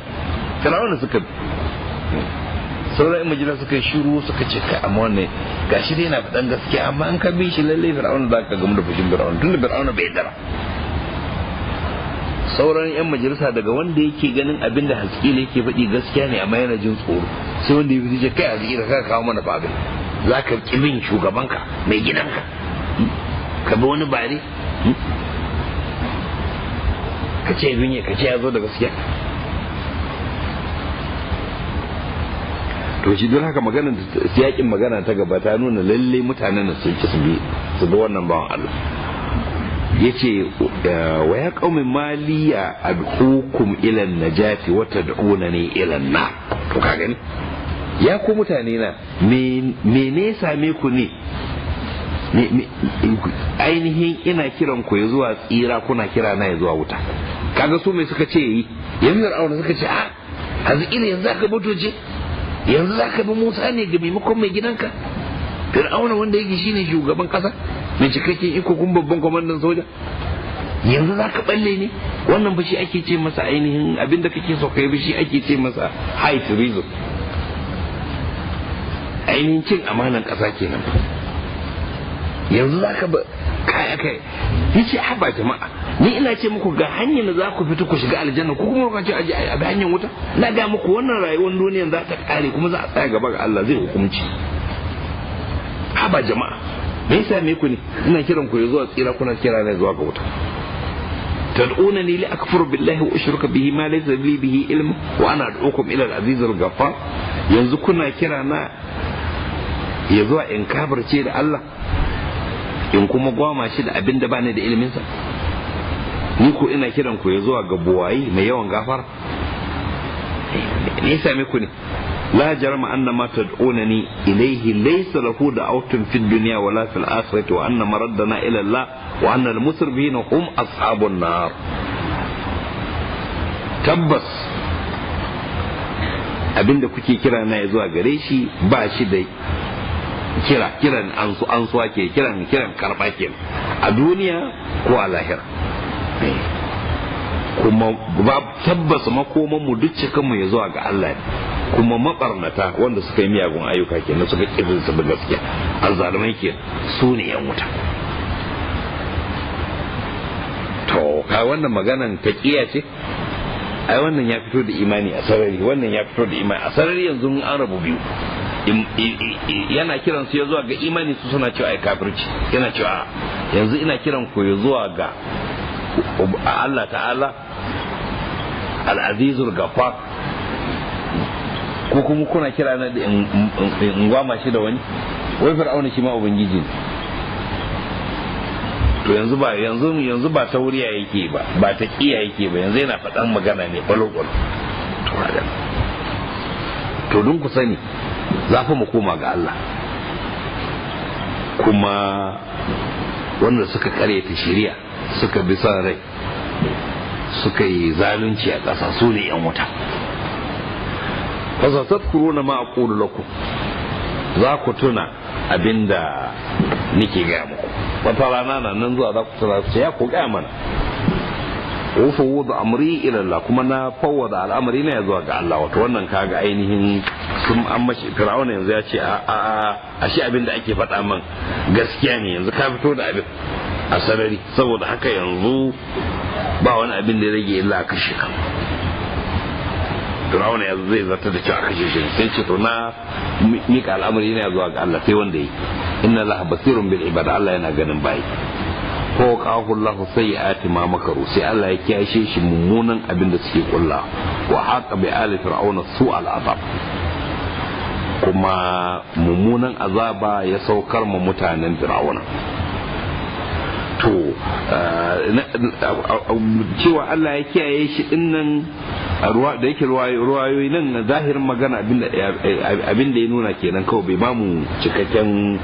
fir'auna suka bi sauran majina suka yi shiru suka ce kai amma wannan gashi dai na faɗan gaskiya amma an ka shi lallai fir'auna za ka gamu da fushin fir'auna tunda fir'auna bai dara sauran yan majalisa daga wanda yake ganin abin da ne yake faɗi gaskiya ne amma yana jin tsoro sai wanda ya fi ce kai da kaka kawo mana babin za ka min shugabanka mai gidanka ka bi wani bare hmm? ka ce bin ya ka ce ya zo da gaskiya to shi don haka maganar siyakin magana ta gaba ta nuna lalle mutanen da sun ci su bi su bi wannan bawan Allah yace eh, wa ya qaumi maliya adhukum ila najati wa tad'unani ila na to ka gani ya ku mutane na me ne same ku ne ainihin ina kiran ku zuwa tsira kuna kira na zuwa wuta kaga su mai suka ce yanzu da suka ce a haziki ne yanzu aka mutu yanzu za ka bi musa ne ga maimakon mai gidanka fir'auna wanda yake shine shugaban kasa mai cikakken iko kun babban kwamandan soja yanzu za ka balle ne wannan ba shi ake ce masa ainihin abinda kake so kai ba shi ake ce masa high treason ainihin cin amanan kasa kenan yanzu za ka kai kai ce haba jama'a ni ina ce muku ga hanyar da za ku fita ku shiga aljanna ku kuma ku ce a ga hanyar wuta na ga muku wannan rayuwar duniyar za ta kare kuma za a tsaya gaba ga Allah zai hukunci haba jama'a me yasa me ku ne ina kiran ku zuwa tsira kuna kira ne zuwa ga wuta ma laysa li bihi به wa ana ad'ukum ila al وأنا أدعوكم إلى yanzu kuna na ya zuwa in كابر da Allah. in kuma gwama shi da abin da ba ni da iliminsa ni ko ina kiran ku ya zuwa ga buwayi mai yawan gafar. Ni sami ku ne la jarma anna ma ni ilayhi laysa lahu da'awtun fid dunya wala fil akhirati wa anna maraddana ila Allah wa anna al-musrifina hum ashabun nar tabbas abinda kuke kira na ya zuwa gare shi ba shi da kira kiran an suwa ke kiran kiran karba ke a duniya ko a lahira kuma ba tabbas makoman mu duk cikin mu ya zuwa ga Allah kuma mabarnata wanda suka yi miyagun ayyuka na suka kirin su gaskiya azzalumai ke su ne yan wuta to ka wannan maganan ta kiya ce ai wannan ya fito da imani a sarari wannan ya fito da imani a sarari yanzu an rabu biyu yana kiran su ya zuwa ga imani su suna cewa ai kafirci yana cewa yanzu ina kiran ku ya zuwa ga Allah ta'ala al-azizul gafar ko kuma kuna kira na in gwama shi da wani wai fir'auna shi ma ubangiji to yanzu ba yanzu yanzu ba wuriya yake ba ba ta kiya yake ba yanzu yana faɗan magana ne balo balo to don ku sani za fa mu koma ga Allah kuma wanda suka karyata shari'a suka bi son rai suka yi zalunci a ƙasa su ne 'yan wuta fasa tafkuru na ma'akulu za ku tuna abinda nike gaya muku wata rana na nan zuwa za ku tuna su ya ku gaya mana ufawudu amri ila Allah kuma na fawwada al'amari na zuwa ga Allah wato wannan kaga ainihin sun an mashi fir'auna yanzu ya ce a a a shi abin da ake faɗa man gaskiya ne yanzu ka fito da abin a sarari saboda haka yanzu ba wani abin da ya rage illa kashe ka fir'auna yanzu zai zata da cewa kashe shi sai ce to na mika al'amari na zuwa ga Allah sai wanda yi inna laha basirun bil ibada Allah yana ganin bayi fawqahu Allahu sayyi'ati ma makaru sai Allah ya kiyashe shi mummunan abin da suke kulla wa haqa bi ali fir'auna su'al azab kuma mummunan azaba ya saukar ma mutanen fir'auna to eh, cewa Allah ya kiyaye shi dinnan da yake ruwayoyi nan na zahirin magana abin da ya nuna kenan kawai bai bamu cikakken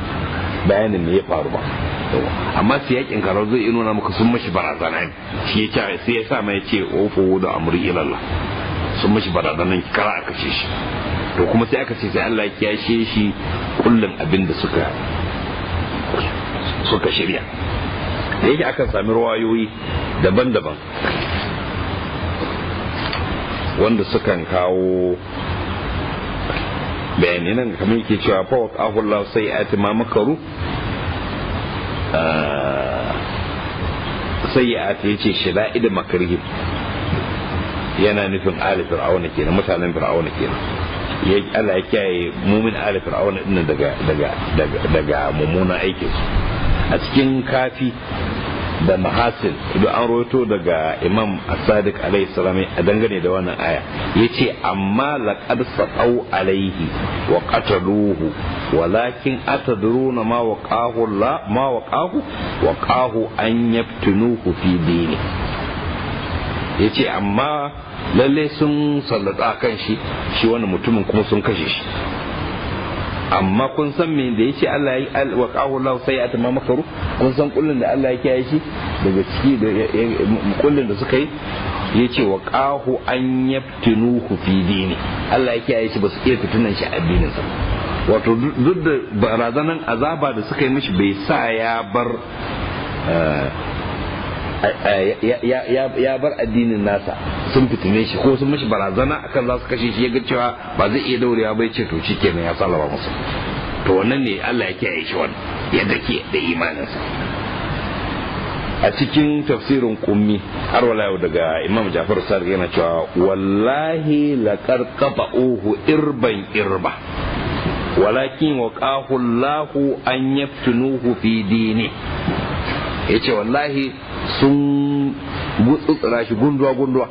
bayanin me ya faru ba amma yakin karar zai nuna maka sun mashi barazana shi ya sai ya sa mai ce ofo da amuri ilallah sun mashi barazanan kara aka ce shi to kuma sai aka ce sai Allah ya kiyashe shi kullum abin da suka suka shirya da yake akan sami ruwayoyi daban-daban wanda sukan kawo bayanai nan kamar yake cewa fa ahullahu sai sayyi'ati ma makaru sayyi'ati yace shada'id makrihim yana nufin ali fir'auna kenan mutanen fir'auna kenan ya Allah ya kiyaye mumin ali fir'auna din daga daga daga daga mumuna aikin a cikin kafi da mahasil duk an roto daga imam as-sadiq alaihi salam a dangane da wannan aya yace amma laqad sa'au alaihi wa qataluhu walakin atadruna ma waqahu la ma waqahu waqahu an yaftinuhu fi dini yace amma lalle sun sallata kan shi shi wani mutumin kuma sun kashe shi amma kun san me da yace Allah ya wa sai ya ma makaru kun san kullun da Allah ya kiyaye shi daga ciki da kullun da suka yi yace wa qahu an yaftinuhu fi dini Allah ya kiyaye shi ba su iya fitinan shi addinin sa wato duk da barazanan azaba da suka yi mishi bai sa ya bar eh, ya bar addinin nasa sun fitine shi ko sun mishi barazana akan za su kashe shi ya ga cewa ba zai iya daurewa bai ce to kenan ya salama musu to wannan ne Allah ya kiyaye shi wannan ya dake da imaninsa a cikin tafsirin kummi har wala yau daga imam jafar sarki yana cewa wallahi laqad qata'uhu irban irba walakin wa ƙahullahu an yaftunuhu fi dini ya ce wallahi sun gutsutsura shi gunduwa-gunduwa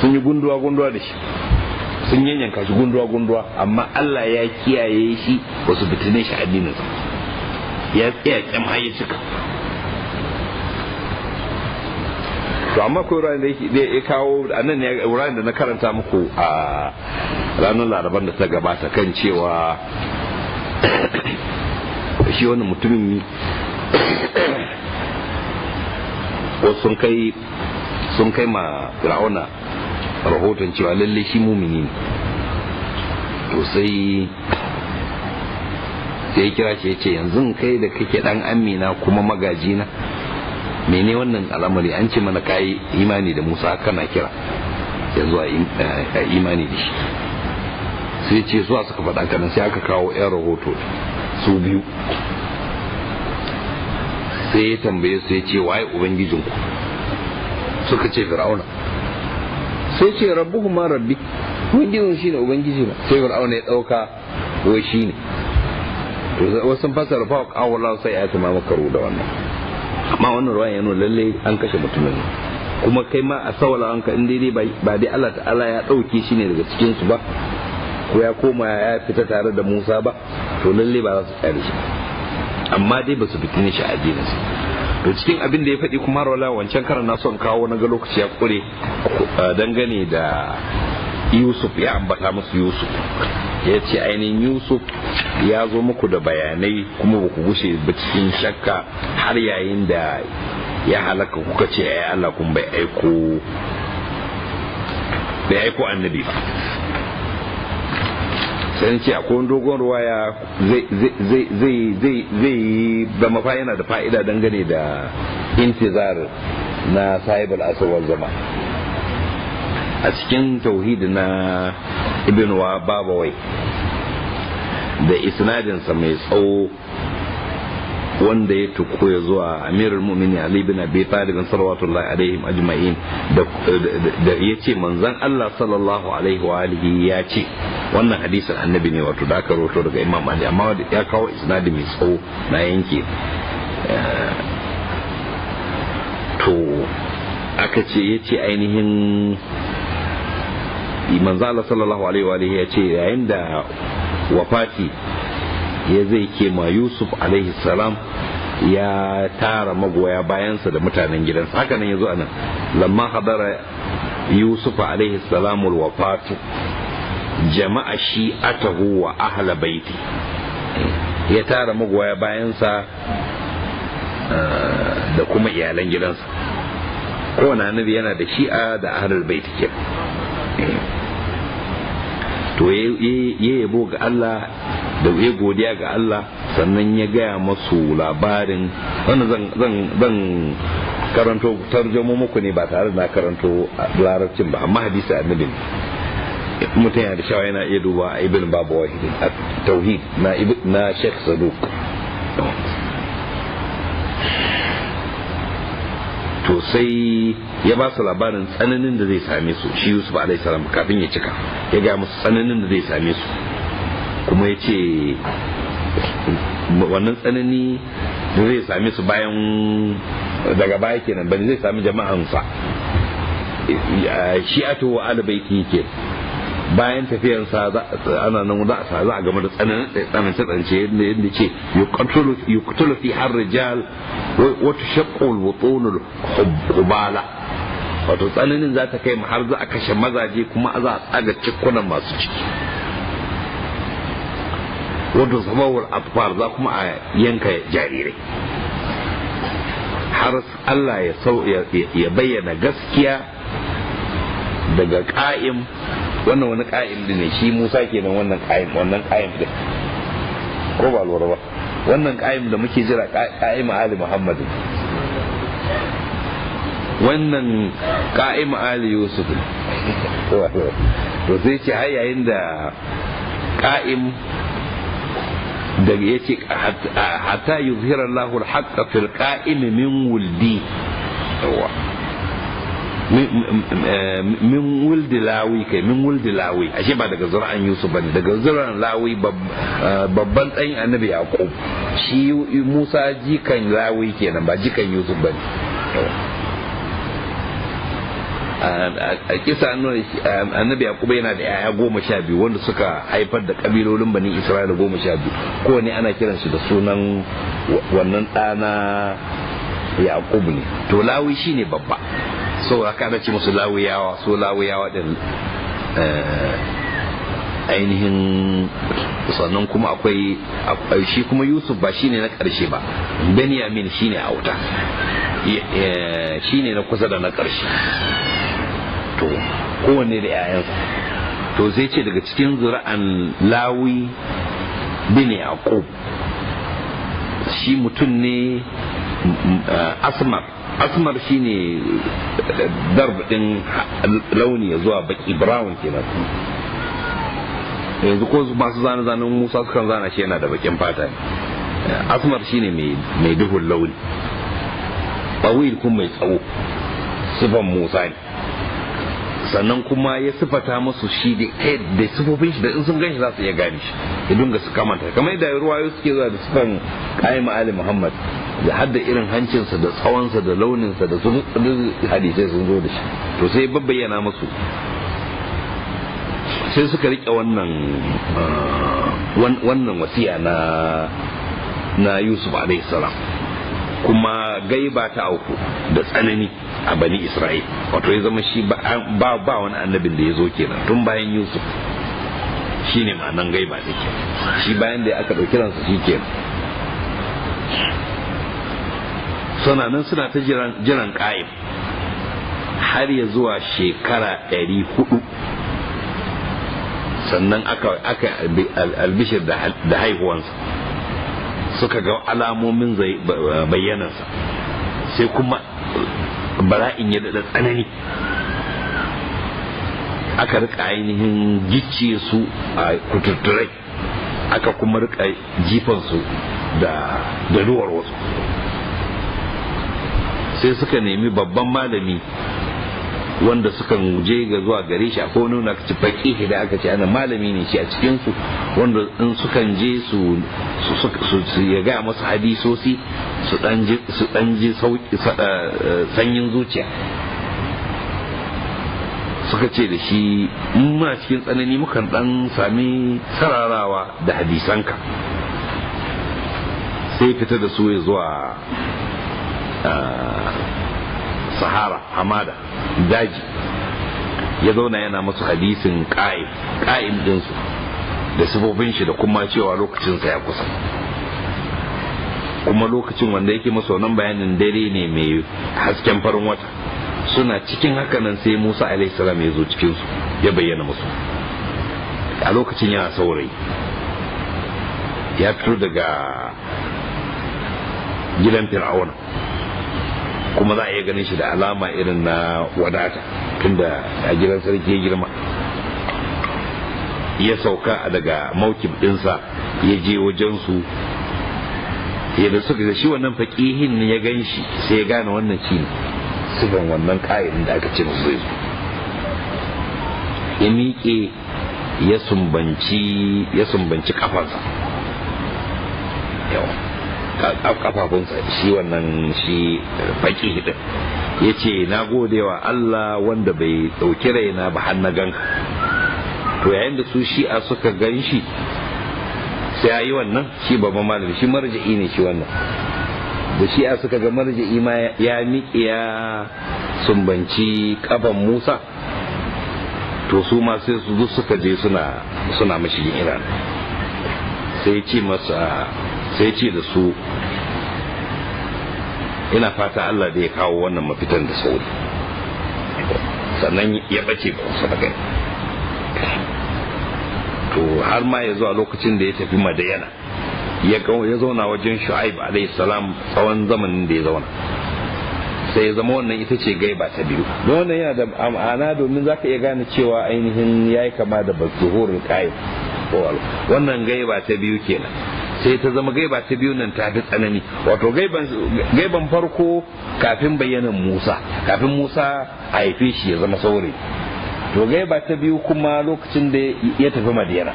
sun yi gunduwa-gunduwa da shi sun yanyanka shi gunduwa-gunduwa amma Allah ya kiyaye shi wasu fitinin shi addinin ya tsaya kyam ya cika to amma ko ran da ya kawo a ne ran da na karanta muku a ranar laraban da ta gabata kan cewa shi wani mutumin wasu sun kai sun kai ma fir'auna rahoton cewa lalle shi mumini to sai sai kira shi ya ce yanzu kai da kake dan amina kuma magaji na mene wannan al'amari an ce mana kayi imani da musa kana kira ya zuwa imani da shi sai ce zuwa suka faɗa kana sai aka kawo 'yan rahoto su biyu sai ya tambaye su ya ce waye ku suka ce fir'auna sai ce rabbuhu ma rabbi ubangijin shi ne ubangiji ba sai fir'auna ya ɗauka wai shi ne wasu fasar fa'a kawo lau ya tuma makaru da wannan amma wannan ruwan ya lalle an kashe mutumin kuma kai ma a sawala an ka dai ba dai Allah ta'ala ya ɗauke shi ne daga cikin su ba ko ya koma ya fita tare da Musa ba to lalle ba za su tsare shi amma dai ba su fitine shi a su to cikin abin da ya faɗi kuma rawala wancan karan na son kawo na ga lokaci ya kure dangane da Yusuf ya ambata musu Yusuf ya ce ainihin yusuf ya zo muku da bayanai kuma ba ku gushe ba cikin shakka har yayin da ya halaka kuka ce ya Allah kun bai aiko bai aiko annabi ba sai ce akwai dogon ruwaya zai yi ba mafa yana da fa'ida dangane da intizar na sahibul asawar zama a cikin tauhid na ibn wa babawai da isnadinsa mai tsawo wanda ya tuko ya zuwa amirul mu'mini ali bin abi talib sallallahu alaihim ajma'in da ya ce manzon Allah sallallahu alaihi wa alihi ya ce wannan hadisin annabi ne wato da aka roto daga imam ali amma ya kawo isnadi mai tsawo na yanke eh, to aka ce ya ce ainihin manzala sallallahu alaihi wa ya ce yayin da wafati ya zai ke ma yusuf alaihi salam ya tara magoya bayansa da mutanen gidansa haka nan ya zo a nan lamma hadara yusuf alaihi salamul wafatu jama'a shi atahu wa ahla baiti ya tara magoya bayansa eh, da kuma iyalan gidansa kowane annabi yana da shi'a da ahlul baiti kenan to ya yabo ga Allah da ya godiya ga Allah sannan ya gaya masu labarin wannan zan karanto tarjamo muku ne ba tare da na karanto larabcin ba amma hadisi annabi mutum yana da shawa yana iya duba ibn babu wahidin tauhid na sheikh saduk to sai ya ba su labarin tsananin da zai same su shi yusuf alaihi salam kafin ya cika ya ga musu tsananin da zai same su kuma ya ce wannan tsanani da zai same su bayan daga baya kenan ba zai sami jama'ansa a tuwa alibaiti ke bayan tafiyan sa ana nan da a sa za a game da tsananin tsanance yadda yadda ce yuqtulu fi har rijal wa tushaqqu al-butun al-hubala wato tsananin za ta kai mu har za a kashe mazaje kuma za a tsaga cikunan masu ciki wato sabawar atfar za kuma a yanka jarirai har Allah ya bayyana gaskiya daga ƙa'im wannan wani ƙa'im ne shi musa kenan wannan ƙa'im wannan ƙa'im din ko ba lura ba wannan ƙa'im da muke jira ƙa'im ma'ali muhammadu wannan ƙa'im ma'ali yusuf to sai ce har yayin da ƙa'im da ya ce hatta yuzhira Allahu al-haqqa fil qa'im min wuldi Eh, min wuldi lawi kai min wuldi lawi ashe ba daga zura'an yusuf bane daga zura'an lawi eh, babban ɗan annabi yaqub shi musa jikan lawi kenan ba jikan yusuf bane a kisa eh, annabi yaqub yana da yaya goma sha biyu wanda suka haifar da kabilolin bani isra'ila goma sha biyu Ko ne ana kiran shi da sunan wannan ɗana yaqub ne to lawi shine babba so aka ana ce musu lawuyawa so lawuyawa din eh, ainihin sannan kuma akwai shi kuma yusuf ba shine na karshe ba benyamin shine auta shine na kusa da na karshe to wanne da 'ya'yansa to zai ce daga cikin zura'an lawi bin yaqub shi mutum ne eh, asmar asmar shine eh, darb din launi zuwa baki brown kenan yanzu ko masu zane zanen musa sukan zana shi yana da bakin fata eh, asmar shine mai duhun launi bawil kun mai tsawo sifan musa ne sannan kuma ya sifata musu shi da sifofin shi da in sun gan shi za su iya gane shi ya dinga su kamanta kamar da ruwayo suke zuwa da sifan kayan ma'ali muhammad da hadda irin hancinsa da tsawonsa da launinsa da sun hadisai sun zo da shi to sai babbayyana musu sai suka rike wannan ah, wannan wasiya na yusuf alaihi salam kuma gaiba ta auku da tsanani a bani isra'il wato ya zama shi ba ba wani annabin da ya zo kenan tun bayan yusuf shi ne ma'anan gaiba ke shi bayan da aka ɗauki ransa shi kenan suna nan suna ta jiran ƙa'im har ya zuwa shekara ɗari hudu sannan aka albishir da haihuwansa suka ga alamomin bayyanarsa sai kuma bara'in ya daɗa tsanani aka rika ainihin gice su a kututturai aka kuma rika su da daruwar wasu sai suka nemi babban malami wanda suka je ga zuwa gare shi ko nuna ka ci faƙihi da aka ce ana malami ne shi a cikin su wanda in sukan je su su ya ga masu hadisosi su dan ji su dan ji eh, eh, sanyin zuciya suka ce da shi in ma cikin tsanani mukan dan sami sararawa da hadisanka sai fita da su ya zuwa ah, sahara hamada daji ya zauna yana masu hadisin ƙa'im ɗinsu da sifofin shi da kuma cewa lokacinsa ya kusa kuma lokacin wanda yake masa wannan bayanin dare ne mai hasken farin wata suna cikin hakanan sai musa alaihissalam ya zo cikinsu ya bayyana musu a lokacin yana saurayi ya fito daga gidan fir'auna kuma za a iya ganin shi da alama irin na wadata tunda a gidan sarki ya girma ya sauka daga maukib ɗinsa ya je wajensu ya da suka shi wannan faƙihin ne ya gan shi sai ya gane wannan shi sifan wannan ƙa'idin da aka ce masu zai ya miƙe ya sumbanci kafansa yawa kafafunsa shi wannan shi baki hidin ya ce na gode wa Allah wanda bai ɗauki raina ba har na ganka to yayin da su shi a suka gan shi sai ya yi wannan shi babban malami shi marja'i ne shi wannan da shi a suka ga marja'i ma ya miƙe ya sumbanci kafan musa to su ma sai su suka je suna suna mashi iran sai ce masa sai ce da su ina fata Allah da ya kawo wannan mafitan da sauri sannan ya bace ba su gani to har ma ya zuwa lokacin da ya tafi madayana ya zauna wajen shu'aib alayhi salam tsawon zamanin da ya zauna sai ya zama wannan ita ce gaiba ta biyu don wannan yana da ma'ana domin za ka iya gane cewa ainihin ya yi kama da bazuhurin kayan wannan gaiba ta biyu kenan sai ta zama gaiba ta biyu nan ta fi tsanani wato gaiban farko kafin bayyanan musa kafin musa a haife shi ya zama saurayi to gaiba ta biyu kuma lokacin da ya tafi madera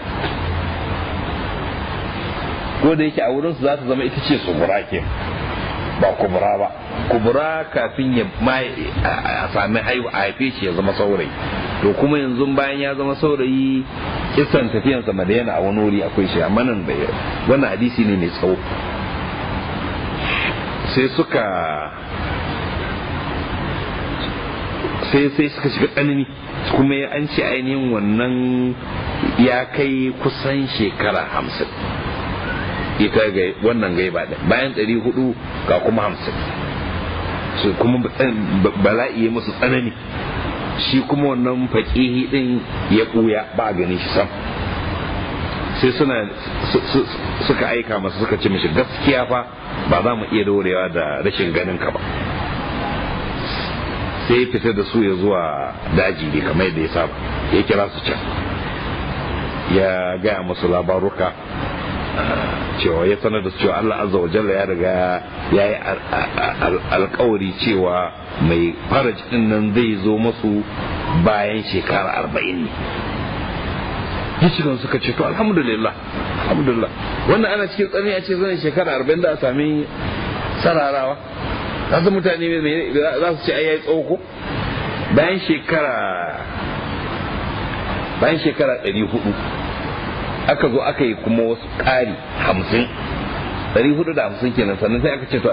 ko da yake a wurinsu za ta zama ita ce su ba kubura ba kubura kafin ya a sami haihu a haife shi ya zama saurayi to kuma yanzu bayan ya zama saurayi kisan tafiyansa madayana a wani wuri akwai shi amma nan bai wannan hadisi ne mai tsawo sai suka sai sai suka shiga tsanani kuma ya an ce ainihin wannan ya kai kusan shekara hamsin ita ga wannan gaiba din bayan 400 ga kuma hamsin su kuma bala'i ya musu tsanani shi kuma wannan faƙihi din ya ɓuya ba ganin shi sam sai suna suka aika masu suka ci mishi gaskiya fa ba za mu iya dorewa da rashin ganin ka ba sai ya fita da su ya zuwa daji ne kamar yadda ya saba ya kira su can ya gaya musu labaruka cewa ya sanar da cewa Allah azza wa jalla ya riga ya yi alkawari cewa mai faraj din nan zai zo masu bayan shekara arba'in ne don suka ce to alhamdulillah alhamdulillah wannan ana cikin tsani a ce zanen shekara arba'in da a sami sararawa za su mutane za su ce ai yayi tsawo bayan shekara bayan shekara ɗari hudu aka zo aka yi kuma wasu ƙari hamsin ɗari hudu da hamsin kenan sannan sai aka ce to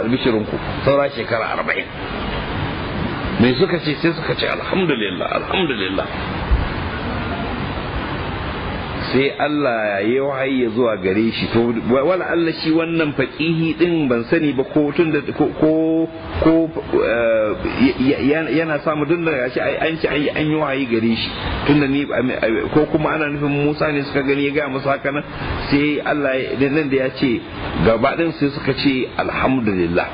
ku. saura shekara arba'in me suka ce sai suka ce alhamdulillah alhamdulillah sai Allah ya yi wahayi zuwa gare shi to wala Allah shi wannan faqihi din ban sani ba ko tun da ko ko eh, yana samu tun da shi an ci an yi wahayi gare shi tun da ni ko kuma ana nufin Musa ne suka gani ya ga musu haka nan sai Allah nan da ya ce gaba din sai suka ce alhamdulillah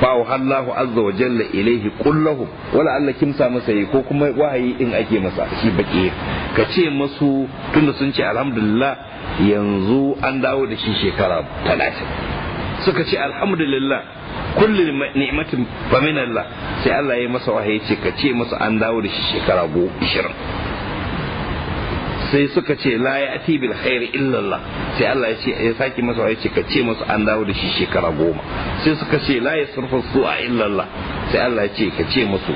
fa Allahu azza wa jalla ilaihi qullahu wala Allah kimsa masa yi ko kuma wahayi in ake masa shi baki ka ce masu tunda sun ce alhamdulillah yanzu an dawo da shi shekara 30 suka ce alhamdulillah kullu ni'matin fa minallah sai Allah ya masa wahayi ce ka ce masa an dawo da shi shekara 20 sai suka ce la ya ati bil khairi illallah sai Allah ya ce ya saki masa ya ce ka ce masa an dawo da shi shekara goma sai suka ce la ya surfa su'a illallah sai Allah ya ce ka ce musu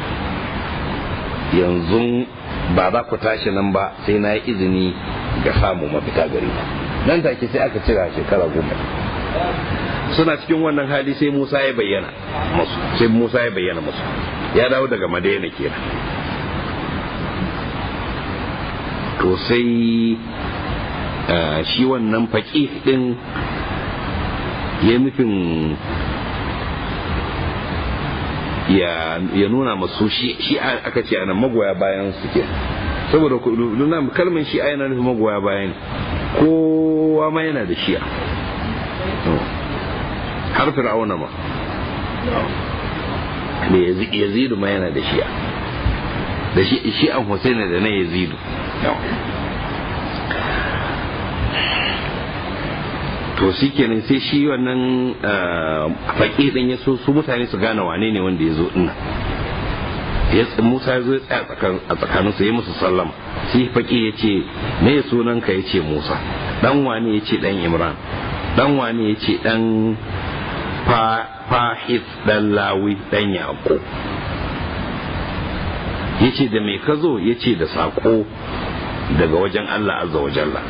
yanzu ba za ku tashi nan ba sai na yi izini ga samu mafita gari ba nan take sai aka cira shekara goma suna cikin wannan hali sai Musa ya bayyana musu sai Musa ya bayyana musu ya dawo daga Madina kenan to sai eh, shi wannan faƙi ɗin ya nufin ya nuna masu shi aka ce ana magoya bayan ke saboda nuna kalmar shi yana nufin magoya bayan kowa ma yana da shi'a har fir'auna ma da yazidu ma yana da shi'a da shi'an husaini da na yazidu to shi kenan sai shi wannan eh, faƙi ɗin ya so su mutane su gane wane ne wanda ya zo ɗin musa ya zo ya tsaya a tsakaninsu ya musu sallama sai faƙi ya ce me ya sunan ka ya ce musa ɗan wane ya ce ɗan imran ɗan wane ya ce ɗan fahis ɗan lawi ɗan yaƙo yace da me ka zo yace da sako daga wajen Allah azza wa jalla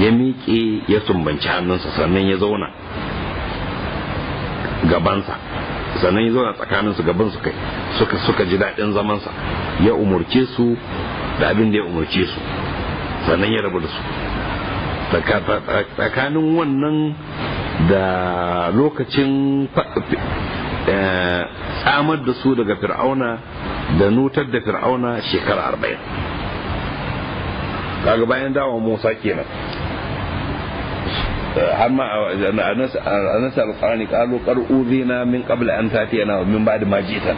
ya miƙe ya sumbanci hannunsa sannan ya zauna gabansa sannan ya zauna tsakaninsu gaban su kai suka suka ji daɗin zamansa ya umurce su da abin da ya umurce su sannan ya rabu da su tsakanin wannan da lokacin tsamar da su daga fir'auna da nutar da fir'auna shekara arba'in kaga bayan dawa musa kenan har ma a nasa alƙarani ƙalu ƙar'uzi na min ƙabla an tafiya na min ba da majita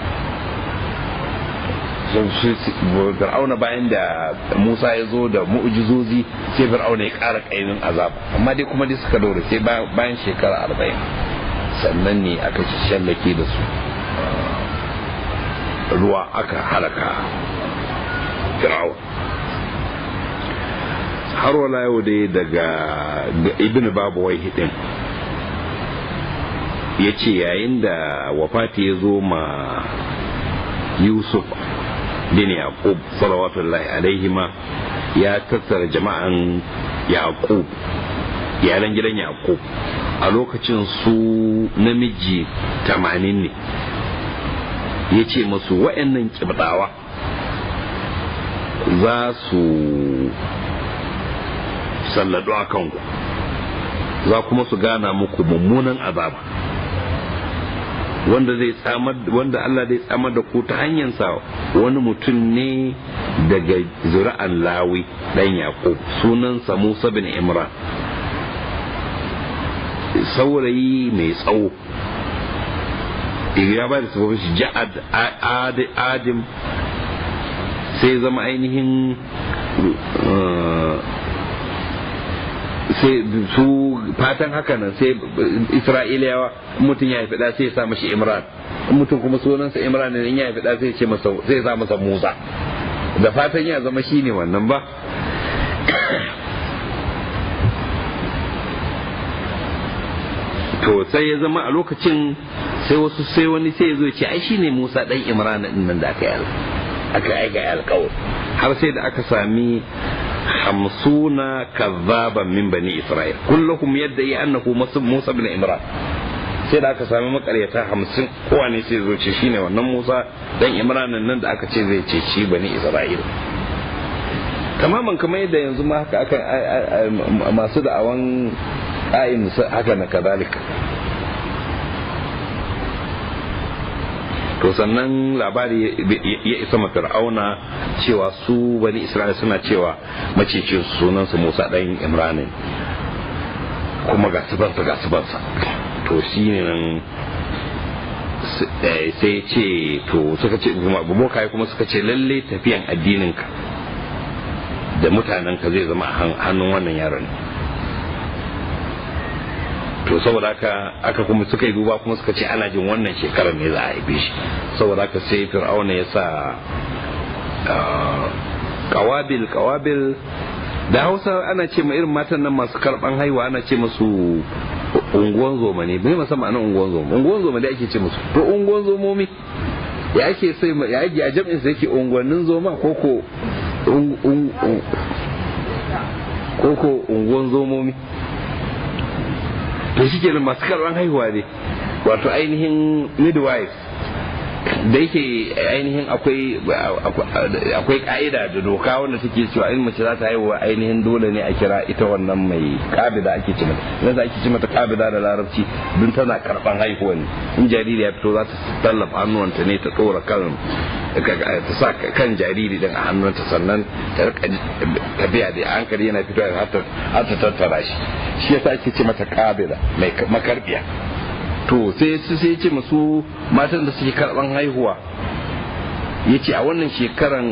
fir'auna bayan da musa ya zo da mu'ujizozi sai fir'auna ya ƙara ƙaimin azaba amma dai kuma dai suka dore sai bayan shekara arba'in sannan ne aka shallake da su ruwa aka halaka fir'aun har wala yau dai daga ibn babu wai hidin ya ce yayin da wafati ya zo ma yusuf bin yaqub salawatullahi alaihi ma ya tattara jama'an yaqub iyalan gidan yaqub a lokacin su namiji tamanin ne ya ce masu wa'annan kibdawa za su sallado a kanku za kuma su gana muku mummunan azaba wanda zai wanda Allah zai tsamar da ku ta hanyar sa wani mutum ne daga zura'an lawi dan yaqub sunansa Musa bin Imran saurayi mai tsawo eh, ya ba da tsofin shi ja'ad adim sai zama ainihin eh, sai su fatan haka nan sai isra'ilawa mutum ya haifi da sai ya sa mashi imran mutum kuma sunansa imran ne in ya haifi da sai ya ce masa sai ya sa masa musa da fatan ya zama shine wannan ba to sai ya zama a lokacin sai wasu sai wani sai ya zo ce ai shine Musa dan Imran din nan da aka yi aka ga alƙawar har sai da aka sami hamsuna kazzaba min bani Isra'il yadda yi annahu Musa bin Imran sai da aka sami makaryata hamsin ne sai zo ce shine wannan musa dan imranin nan da aka ce zai ce shi bani Isra'il. tamaman kamar yadda yanzu ma haka akan masu da'awan ayin haka na to sannan labari ya isa ma fir'auna cewa su bani isra'ila suna cewa macece su musa dan imranin kuma ga sabar ga sa to shine nan sai ce to suka ce kai kuma suka ce lalle tafiyan ka da mutanen ka zai zama a hannun wannan yaron to saboda haka aka kuma suka yi duba kuma suka ce ana jin wannan shekarar ne za a haife shi saboda haka sai fir'auna ya sa kawabil ah, kawabil da hausa ana ce ma irin matan nan masu karban haihuwa ana ce masu unguwan zoma ne bai musamman anan unguwan zoma unguwan zoma da ake ce musu to unguwan zomomi ya ake sai ya ake a jam'in sai ke unguwannin zoma ko ko unguwan zomomi to shikenan masu karban haihuwa ne wato ainihin midwives da yake ainihin akwai ka'ida da doka wanda take cewa in mace za ta haihuwa ainihin dole ne a kira ita wannan mai kabida ake ci mata yanzu ake ci mata kabida da larabci don tana karban haihuwa ne in jariri ya fito za ta tallafa hannuwanta ne ta tsora kan ta sa kan jariri din a hannunta sannan ta tafiya da hankali yana fito a ta tattara shi shi yasa ake ci mata kabida mai makarbiya to sai sai ce masu matan da suke karban haihuwa ya ce a wannan shekaran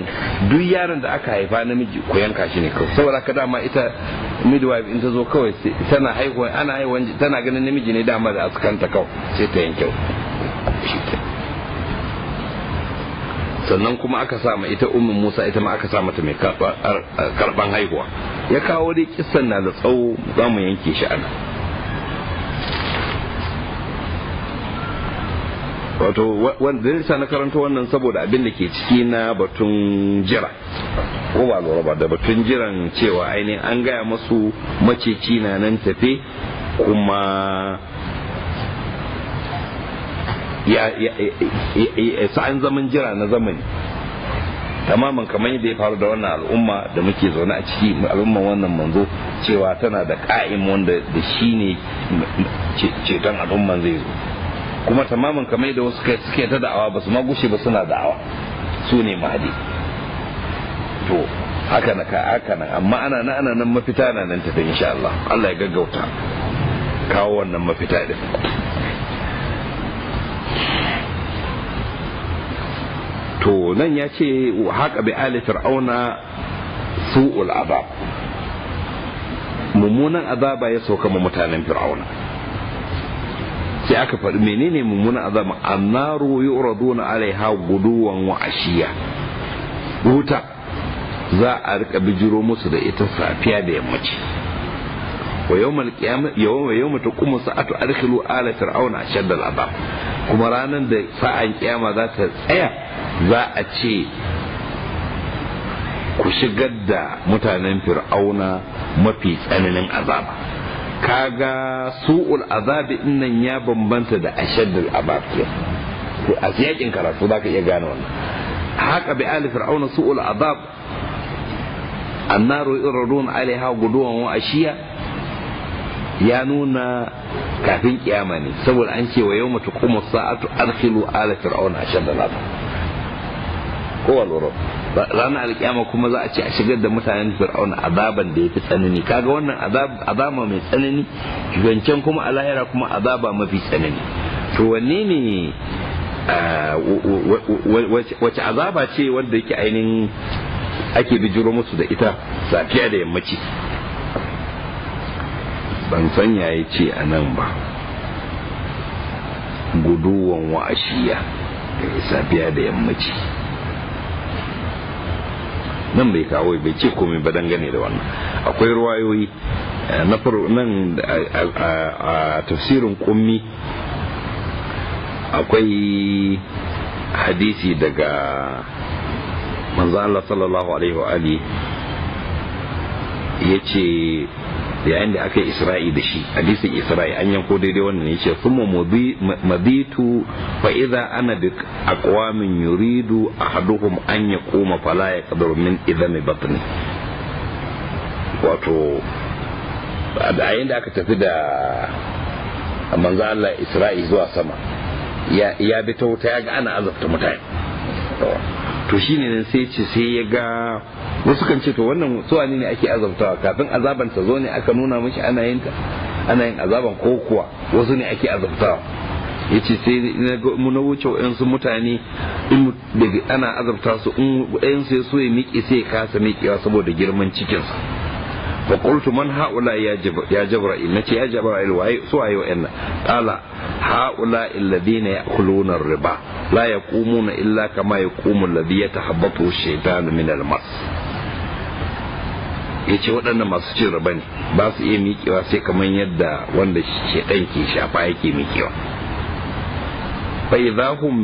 duk yaron da aka haifa namiji ku yanka shi ne kawai saboda ka dama ita midwife in ta zo kawai tana haihuwa ana haihuwa tana ganin namiji ne dama da askanta kawai sai ta yanke sannan kuma aka sa ma ita ummin Musa ita ma aka sa mata mai karban haihuwa ya kawo dai kissan na da tsawo za mu yanke shi ana wato wanda zai na karanta wannan saboda abin da ke ciki na batun jira ko ba lura ba da batun jiran cewa ainihin an gaya masu maceci na nan tafe kuma ya sa'an zaman jira na zamani tamamin kamar yadda ya faru da wannan al'umma da muke zaune a ciki al'umma wannan manzo cewa tana da ka'im wanda da shi ne ceton al'umman zai zo kuma tamamin kamar da wasu suke ta da'awa ba su ma gushe ba suna da'awa su ne mahadi to haka na ka haka na. amma ana nan ana nan mafita na nan tafi insha Allah Allah ya gaggauta kawo wannan mafita din to nan ya ce haka bi ali fir'auna su'ul azab mummunan azaba ya sauka mu mutanen fir'auna sai aka faɗi menene mummunan azaba annaru yu'raduna alaiha guduwan wa ashiya wuta za a rika bijiro musu da ita safiya da yammaci wa yawmal qiyamah yawma taqumu sa'atu adkhilu ala fir'auna ashadda al'adab kuma ranar da sa'an kiyama za ta tsaya za a ce ku shigar da mutanen fir'auna mafi tsananin azaba kaga su'ul azabi nan ya bambanta da ashaddul azabi a yakin karatu zaka iya gane wannan haka bi ali fir'auna su'ul azab annaru iradun alaiha guduwan wa ashiya ya nuna kafin kiyama ne saboda an ce wa yawma tuqumu kuma sa'atu arkhilu ala fir'auna ashaddul azab kowa lura ranar alkiyama kuma za a ce a shigar da mutanen fir'auna azaban da ya fi tsanani kaga wannan azaba mai tsanani zancen kuma a lahira kuma azaba mafi tsanani to wanne ne wace azaba ce wanda yake ainihin ake bijiro musu da ita safiya da yammaci ban san yayi ce a nan ba guduwan wa'ashiya safiya da yammaci nan bai kawo bai ce komai ba dangane da wannan akwai ruwayoyi eh, na nan a tafsirin kummi akwai hadisi daga manzo Allah sallallahu alaihi wa ali yace yayin da aka yi isra'i da shi hadisin isra'i an yanko daidai wannan yace kuma mabitu fa idza ana da aqwamin yuridu ahaduhum an yaquma fala yaqdur min idami batni wato yayin da aka tafi da manzo Allah isra'i zuwa sama ya bi ta wuta ya ga ana azabta mutane to shi nan sai ce sai ya ga wasu kan ce to wannan suwa ne ake azabtawa kafin azaban ta zo ne aka nuna mishi ana yin ana yin azaban ko kuwa wasu ne ake azabtawa ya ce sai na wuce waɗansu mutane ana azabta su in waɗansu ya so ya miƙe sai ya kasa miƙewa saboda girman cikinsa wa qultu man haula ya ya jibril nace ya jibril waye su waye wa'annan qala haula alladhina ya'kuluna ar-riba la yaqumuna illa kama yaqumu alladhi yatahabbathu ash-shaytanu min al-mas yace ce masu cin riba ne ba su iya miƙewa sai kamar yadda wanda shaidan ke shafa yake miƙewa فإذا zahun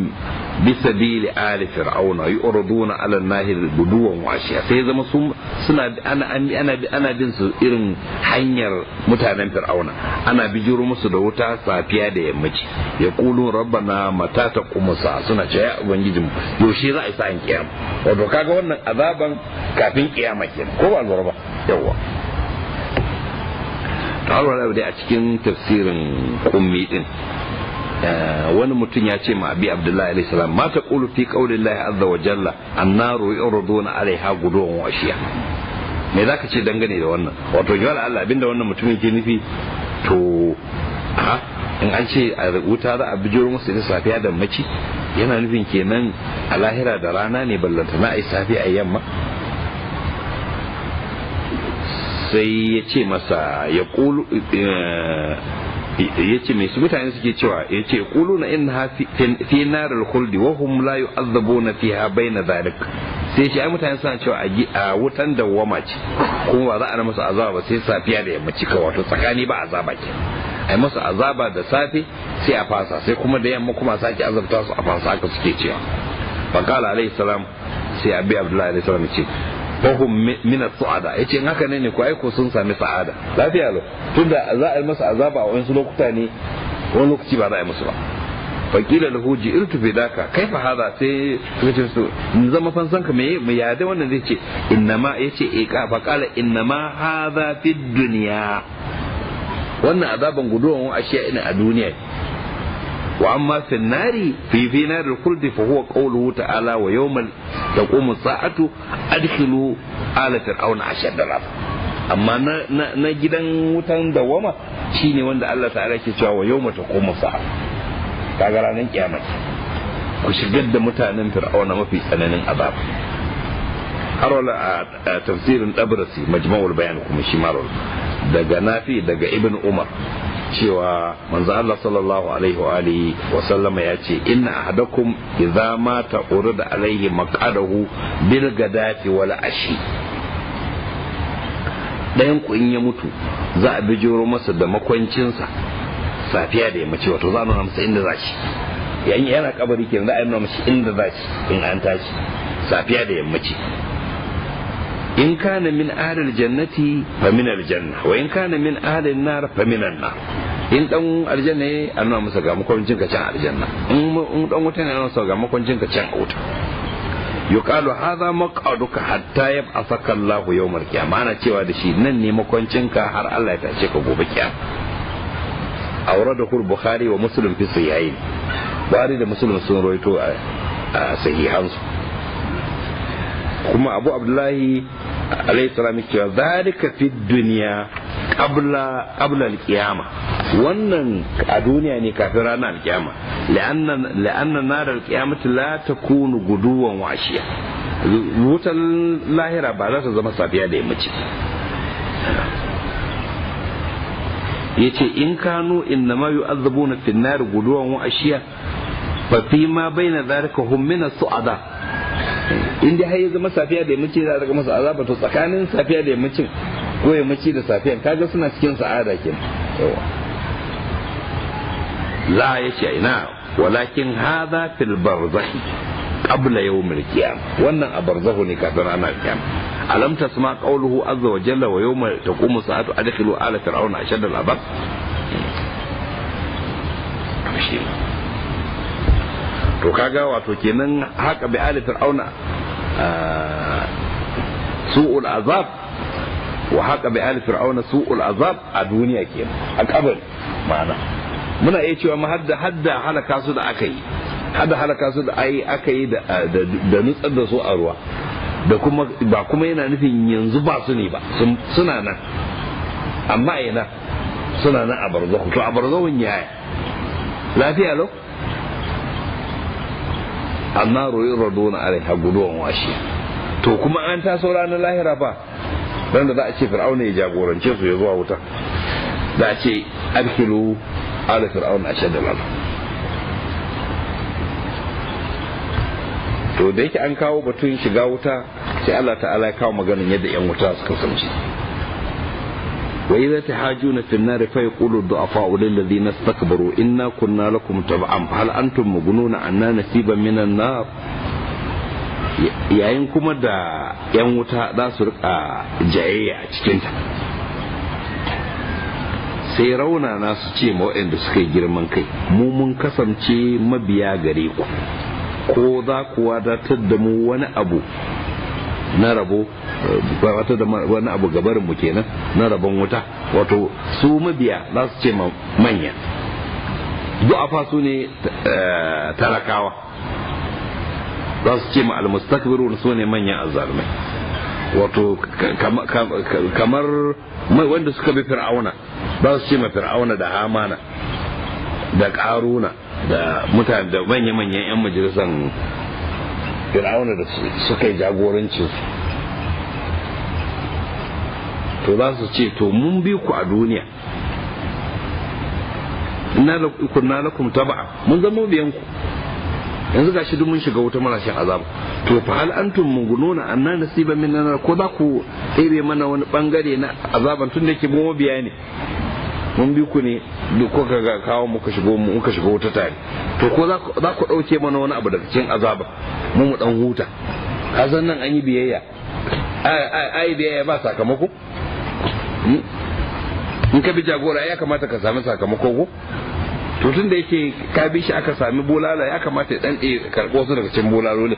bisa آل فرعون يعرضون على الناهر غدوا وعشيا sai zama sun suna ana ana ana bin su irin hanyar mutanen fir'auna ana bijiro musu da wuta safiya da yammaci ya kulun rabbana mata ta kumusa suna cewa ya yaushe za a yi sa'in kiyama wato kaga wannan azaban kafin kiyama ko ba lura ba yawwa to alwala dai a cikin tafsirin kummi din Eh, wani mutum ya ce ma abi abdullahi alaihi salam ma qulu fi qaulillahi azza wa jalla annaru yuraduna alaiha guduwan wa ashiya me zaka ce dangane da wannan wato yawar Allah abinda wannan mutumin ke nufi to ha in an ce a wuta za a bijiro musu da safiya da maci? yana nufin kenan a lahira da rana ne ballanta na ai safi a yamma sai ya ce masa ya yace me su mutane suke cewa yace quluna inna fi naril khuldi wa hum la yu'azzabuna fiha na dhalik sai shi ai mutane suna cewa a wutan wama ce kuma ba za a masa azaba ba sai safiya da yammaci ka wato tsakani ba azaba ke ai masa azaba da safe sai a fasa sai kuma da yamma kuma sake azabta su a fasa haka suke cewa bakala alayhi salam sai abi abdullahi alayhi salam ce fahum min sa'ada yace in haka ne ne ko ai ko sun sami sa'ada lafiya lo tunda za a yi masa azaba a wani lokuta ne wani lokaci ba za a yi musu ba kila lahu ji'irtu bi daka fa hada sai kace su in zama san ka me me ya wannan zai ce innama yace eh, ka fa qala innama hadha fid dunya wannan azaban guduwan ashiya ina a duniya wa amma fi nari fi fi nari kurdi fa huwa qawluhu ta'ala wa yawmal taqumu sa'atu adkhilu ala fir'auna ashadda amma na gidan wutan dawama shine wanda Allah ta'ala ke cewa wa yawma taqumu sa'a kaga ranar kiyama ku shigar da mutanen fir'auna mafi tsananin azab harwal a tafsirin dabrasi majma'ul bayan kuma shi marwal daga nafi daga ibn umar cewa manzo Allah sallallahu alaihi wa alihi wa sallama ya ce inna ahadakum idza mata urida alaihi maqadahu bil gadati wal ashi dayan ku in ya mutu za a bi bijiro masa da makwancinsa safiya da yammaci wato za a nuna masa inda za shi yayin yana kabari kenan za a nuna masa inda za shi in an tashi safiya da yammaci in kana min ahlil jannati fa min aljanna wa in kana min ahlin nar fa min nar in dan aljanna ne an nuna masa ga makwancin ka can aljanna in dan wuta ne an nuna ga makwancin ka can wuta yuqalu hadha maq'aduka hatta yab'athaka Allahu al qiyamah ana cewa da shi nan ne makwancin ka har Allah ya tace ka gobe kiyama al-bukhari wa muslim fi الصحيحين bari da muslim sun رويته a sahihansu kuma abu abdullahi. alaihi salam yake cewa zalika fi duniya abla abla alqiyama wannan a duniya ne kafin ranar alqiyama la'anna la'anna nar alqiyamati la takunu guduwan washiya wutan lahira ba za ta zama safiya da yammaci yace in kanu inna ma yu'azzabuna fin nar guduwan washiya fa fi ma baina zalika hum min as-su'ada in dai har ya zama safiya da yammaci za a daga masa azaba to tsakanin safiya da yammacin ko yammaci da safiyan kaga suna cikin sa'ada ke yawa la ya ce ina walakin haza fil barzahi qabla yawmil qiyam wannan a barzahu ne kafin ranar qiyam alam tasma qawluhu azza wa jalla wa yawma taqumu sa'atu adkhilu ala fir'auna ashadda al to kaga wato kenan haka bi ali fir'auna su'ul azab wa haka bi ali fir'auna su'ul azab a duniya kenan a kabar ma'ana muna iya cewa ma hadda hadda halaka su da aka yi hadda halaka su da ai aka yi da nutsar da su a ruwa da kuma ba kuma yana nufin yanzu ba su ne ba suna nan amma ina suna nan a barzakhu to a barzakhun yaya lafiya lau annaru yuraduna alaiha guduwan washi to kuma an taso ranar lahira ba dan da za a ce fir'auna ya jagorance su ya zuwa wuta za a ce adkhilu ala fir'auna a al to da yake an kawo batun shiga wuta sai Allah ta'ala ya kawo maganin yadda 'yan wuta suka kasance وإذا تحاجون في النار فيقول الضعفاء للذين استكبروا إنا كنا لكم تبعا هل أنتم مغنون عنا نسيبا من النار yayin kuma da 'yan wuta za su rika jayayya a cikinta sai rauna na su ce waɗanda suka yi girman kai mu mun kasance mabiya gare ku ko za ku wadatar da mu wani abu na rabo eh, wata da wani abu gabarin mu kenan na rabon wuta wato su mabiya za su ce manya du'afa su ne eh, talakawa za su ce ma almustakbirun su ne manyan azzalumai wato kamar wanda suka bi fir'auna za su ce ma fir'auna da hamana da karuna da mutane da manya-manyan 'yan majalisar fir'auna da suka yi jagorancin to za su ce to mun bi ku a duniya kunna lakum taba'a mun zama biyan ku yanzu gashi duk mun shiga wuta muna shan azaba to fa hal antum mugununa anna nasiba min ko za ku tsere mana wani bangare na azaban tun da ke mu biya ne mun bi ku ne duk kuka ga kawo muka shigo mu muka shigo wuta tare to ko za ku ɗauke mana wani abu daga cikin azaba mu mu dan huta kazan nan an yi biyayya ai biyayya ba sakamako hmm? in ka bi jagora ya kamata ka sami sakamako ko to tun da yake ka bi shi aka sami bolala ya kamata ya dan eh, karbo su daga cikin bulalolin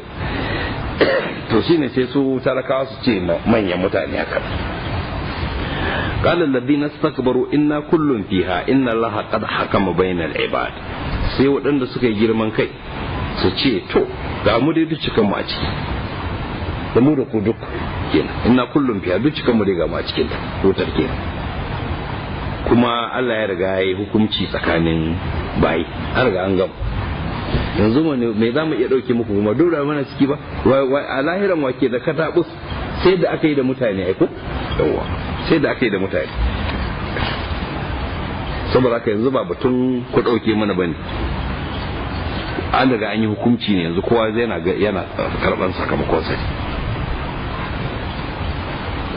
to shine sai su talakawa su ce manyan mutane aka قال الذين استكبروا إنا كل فيها إن الله قد حكم بين العباد sai waɗanda suka yi girman kai su ce to ga mu dai duk cikin mu a ciki da mu da ku duk kenan ina kullum fiya duk cikin mu dai ga mu a cikin ta rotar kenan kuma Allah ya riga ya hukunci tsakanin bayi har ga an gama yanzu mu ne me za mu iya ɗauke muku kuma dora mana ciki ba a lahiran wake da katabus sai da aka yi da mutane ai ko yawa sai da aka yi da mutane saboda aka yanzu ba batun ku dauke mana bane an daga an yi hukunci ne yanzu kowa yana yana karban sakamakon sai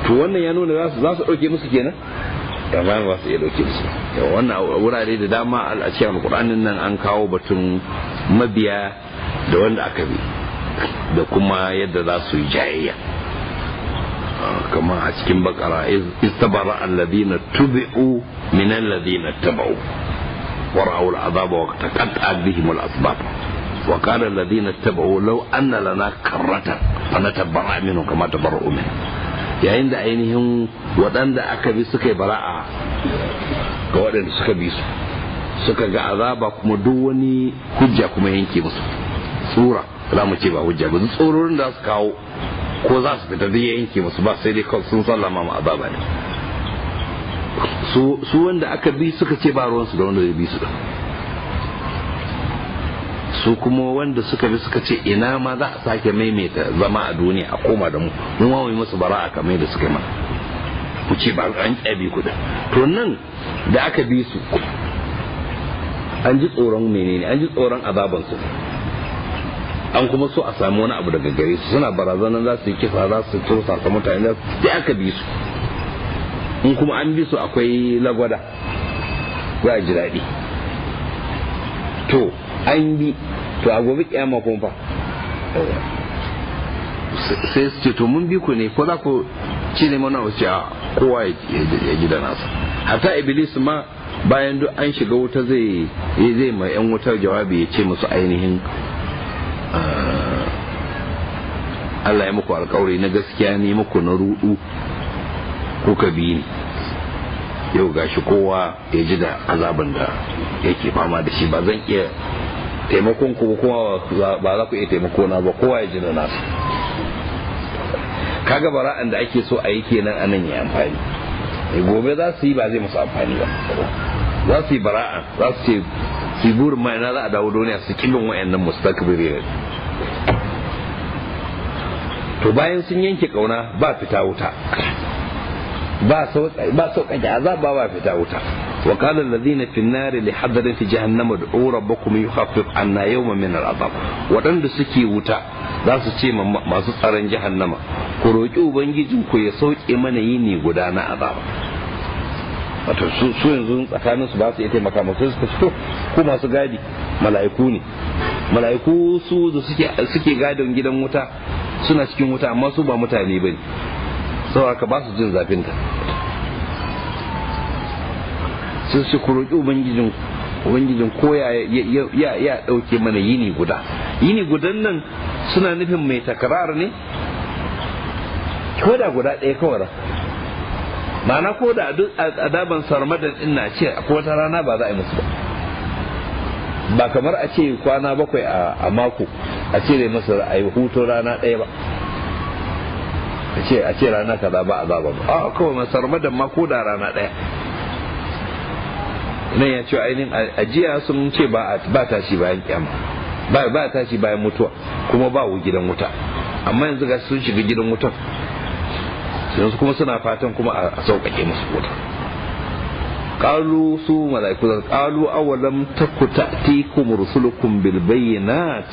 to wannan ya nuna za su ɗauke dauke musu kenan da ba su iya dauke musu wannan wurare da dama a cikin alqur'anin nan an kawo batun mabiya da wanda aka bi da kuma yadda za su yi jayayya kama a cikin bakara istabara alladhina tubi'u min alladhina tabau ورأوا bihim al'asbab wa qala وقال الذين law anna lana لنا كرة فنتبرأ منهم kama تبرؤوا min yayin da ainihin wadanda aka bi suka yi bara'a ga wadanda suka bi su suka ga azaba kuma duk wani hujja kuma yanke musu tsura za mu ce ba hujja ba tsororin da su kawo ko za su fita duk yanke musu ba sai dai sun sallama mu azaba ne su wanda aka bi suka ce ba ruwansu da wanda zai bi su da su kuma wanda suka bi suka ce ina ma za a sake maimaita zama a duniya a koma da mu mun ma musu bara'a kamar da suka yi mana ku ce ba an tsabi ku da to nan da aka bi su an ji tsoron menene an ji tsoron azabansu su an kuma so a samu wani abu daga gare su suna barazanar za su yi kisa za su tursa sa mutane sai aka bi su in kuma an bi su akwai lagwada ba a ji daɗi to an bi to a gobe kyamma kuma fa sai su ce to mun bi ku ne ko za ku ci ne mana wasu a kowa ya ji da nasa hatta iblis ma bayan duk an shiga wuta zai zai ma yan wutar jawabi ya ce musu ainihin Allah ya muku alkawari na gaskiya ne muku na rudu kuka bi ni yau gashi kowa ya ji da azaban da yake fama da shi ba zan iya taimakon ku kuma ba za ku iya taimako na ba kowa ya ji da nasu kaga bara'an da ake so a yi kenan anan ya amfani gobe za su yi ba zai musu amfani ba za su yi bara'an za su ce su burin ma ina za a dawo duniya su kibin wayannan mustakbirin to bayan sun yanke kauna ba fita wuta ba sauƙaƙe azaba ba fita wuta wa qala hadarin fi jahannama da li da jahannama ud'u rabbakum yukhaffif anna yawman min al waɗanda suke wuta za su ce masu tsaron jahannama ku roki ubangijinku ya sauke mana yini guda na azaba wato su yanzu tsakanin su ba su iya taimaka masu suka fito ko masu gadi mala'iku ne mala'iku su da suke gadin gidan wuta suna cikin wuta amma su ba mutane ba ne ka ba su jin zafin ta sun su ku roƙi ubangijin ubangijin ko ya ya ɗauke mana yini guda yini gudan nan suna nufin mai takarar ne ko da guda ɗaya kawai ma'ana ko da adaban sarmadan din na ce ko wata rana ba za a yi musu ba ba kamar a ce kwana bakwai a mako a ce dai masa a yi hutu rana ɗaya ba a ce a ce rana kaza ba azaba ba a kawai masarmadan ma ko da rana ɗaya nan ya ce ainihin ajiya sun ce ba tashi bayan kyama ba tashi bayan mutuwa kuma ba wu gidan wuta amma yanzu ga sun shiga gidan wutan yanzu kuma suna fatan kuma a sauƙaƙe musu wuta ƙalu su mala'iku ƙalu awalam ku ta'tikum rusulukum bil bayyinat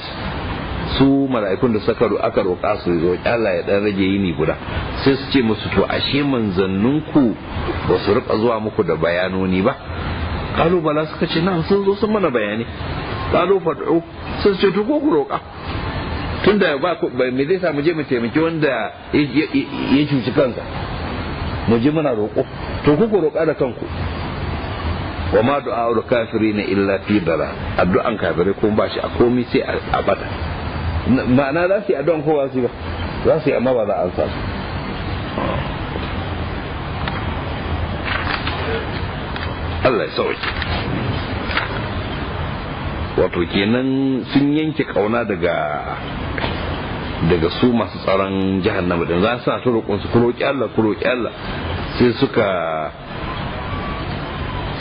su mala'ikun da suka aka roƙa su zo Allah ya dan rage yini guda sai su ce musu to ashe manzanninku ba su riƙa zuwa muku da bayanoni ba qalu bala suka ce na sun zo sun mana bayani ƙalu fad'u sun ce to ko ku roƙa tunda ba me zai sa mu je mu taimaki wanda ya cuci kansa mu je muna roƙo to ku ku roƙa da kanku wa ma du'a kafiri ne illa fi dara addu'an kafiri ko ba shi a komai sai a bada. ma'ana za su yi addu'an kowa su ba za su yi amma ba za a sa su Allah ya sauke wato kenan sun yanke kauna daga daga su masu tsaron jahannama din za su sa ta roƙon su ku Allah ku Allah sai suka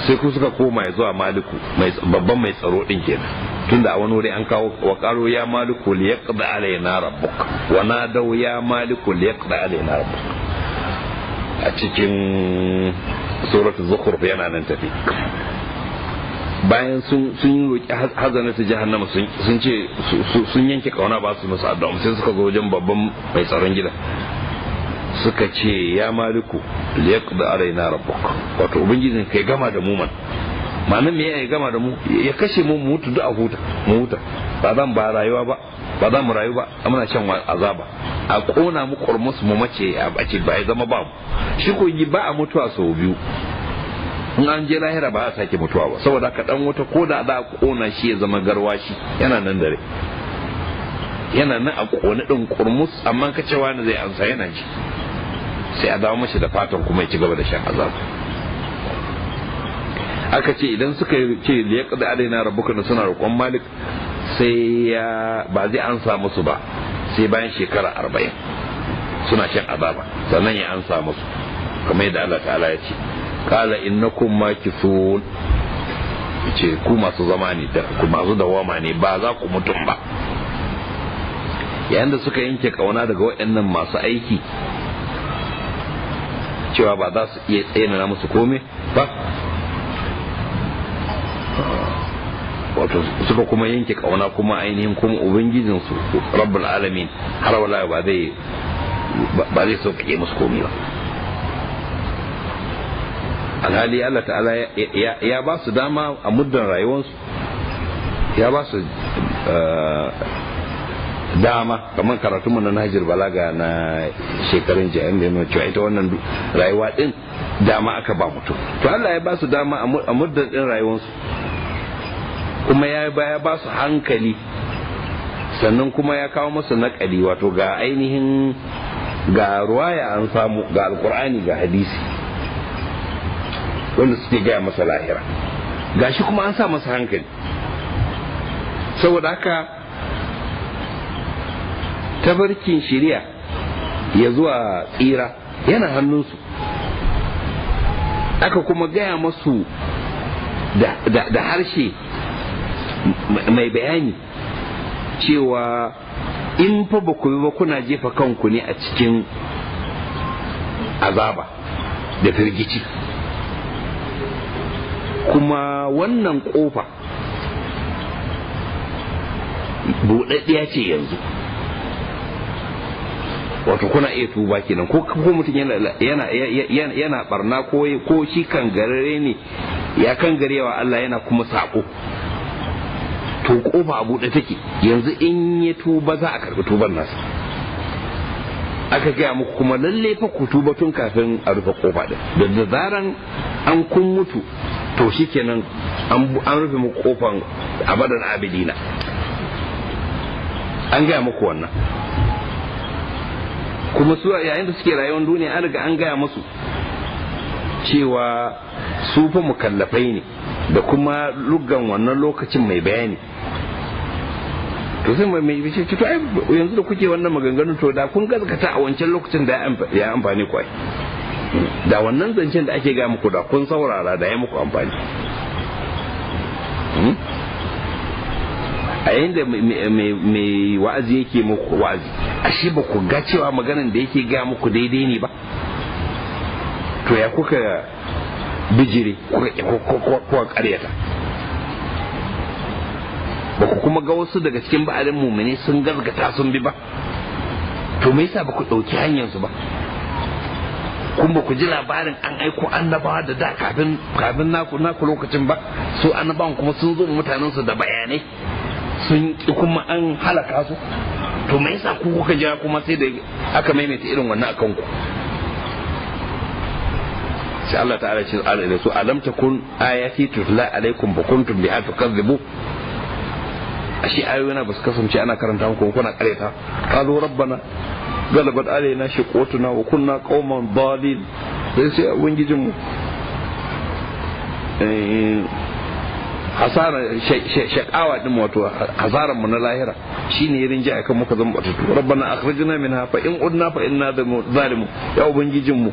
sai ku suka koma zuwa maliku babban mai tsaro din kenan tunda a wani wuri an kawo wa karo ya maliku li yaqda alaina rabbuk wa nadaw ya maliku li yaqda alaina rabbuk a cikin suratul zukhruf yana nan tafi bayan sun yi roƙi hazana su jahannama sun sun ce sun yanke kauna ba su masu addu'a sai suka ga wajen babban mai tsaron gida. suka ce ya maliku arai na rabbuk wato ubangijin kai gama da mu man manan me ya gama da mu ya kashe mu mu mutu duk a huta mu huta ba zan ba rayuwa ba ba za mu rayu ba muna shan azaba a kona mu kurmus mu mace a ce ba ya zama ba mu shi ko ba a mutuwa sau biyu in an je lahira ba a sake mutuwa ba saboda ka dan wuta ko da za a kona shi ya zama garwashi yana nan dare yana nan a kone din kurmus amma ka ce wani zai ansa yana ji sai a dawo mashi da fatan kuma ya ci gaba da shan azabu aka ce idan suka ce da ya kada adaina rabbuka suna roƙon malik sai ya ba zai ansa musu ba sai bayan shekara arba'in suna shan azaba sannan ya ansa musu kamar yadda Allah ta'ala ya ce kala innakum makithun ce ku masu zama ne ku masu dawama ne ba za ku mutum ba yayin da suka yanke kauna daga waɗannan masu aiki cewa ba za su iya tsayanana musu kome ba wato suka kuma yanke kauna kuma ainihin kuma ubangijinsu rabbul alamin har wala ba zai ba zai sauƙaƙe musu kome ba alhali Allah ta'ala ya ba su dama a muddin rayuwarsu ya ba su eh, dama kamar mu na Nahjir Balaga na shekarun jihar da mai cewa ita wannan rayuwa din dama aka ba mutum to Allah ya ba su dama a muddin din rayuwarsu kuma ya ba su hankali sannan kuma ya kawo masa naƙali wato ga ainihin ga ruwaya an samu ga alkur'ani ga hadisi wanda suke gaya masa lahira gashi kuma an sa masa hankali saboda haka tabarkin shirya ya zuwa tsira yana hannunsu aka kuma gaya masu da harshe mai bayani cewa in fa ba ku ba kuna jefa kanku ne a cikin azaba da firgici kuma wannan kofa buɗaɗɗiya ce yanzu wato kuna iya tuba kenan ko ko mutum yana yana yana barna ko ko shi kan gare ne ya kan wa Allah yana kuma sako to kofa a buɗe take yanzu in ya tuba za a karɓi tuban nasa aka gaya muku kuma lalle fa ku tuba tun kafin a rufe kofa din da zaran an kun mutu to shikenan an rufe muku kofan abadan abidina an gaya muku wannan kuma su yayin da suke rayuwar duniya an riga an gaya musu cewa su fa mukallafai ne da kuma luggan wannan lokacin mai bayani to sai mai mai bice to ai yanzu da kuke wannan maganganun to da kun gaskata a wancan lokacin da ya amfani kwai da wannan zancen da ake ga muku da kun saurara da ya muku amfani hmm? a mai wa'azi yake muku wa'azi shi ba ku ga cewa maganan da yake ga muku daidai ne ba to ya kuka bijire kuka karyata ba ku kuma ga wasu daga cikin ba'alin mumini sun gargata sun bi ba to me yasa ba ku ɗauki hanyar su ba kun ba ku ji labarin an aiko annabawa da da kafin kafin naku naku lokacin ba su annabawan kuma sun zo mutanen su da bayanai sun ki kuma an halaka su to me yasa ku kuka jira kuma sai da aka maimaita irin wannan akan ku sai Allah ta'ala ce da su alam takun ayati tutla alaikum fa kuntum ashe ayoyina ba su kasance ana karanta muku kuna kareta qalu rabbana galabat alaina shiqutuna wa kunna qauman dalil sai sai ubangijin mu eh, hasara shaqawa din wato hasaran mu na lahira shine yirin ji akan muka zama batutu rabbana akhrijna minha fa in udna fa inna zalimu ya ubangijin mu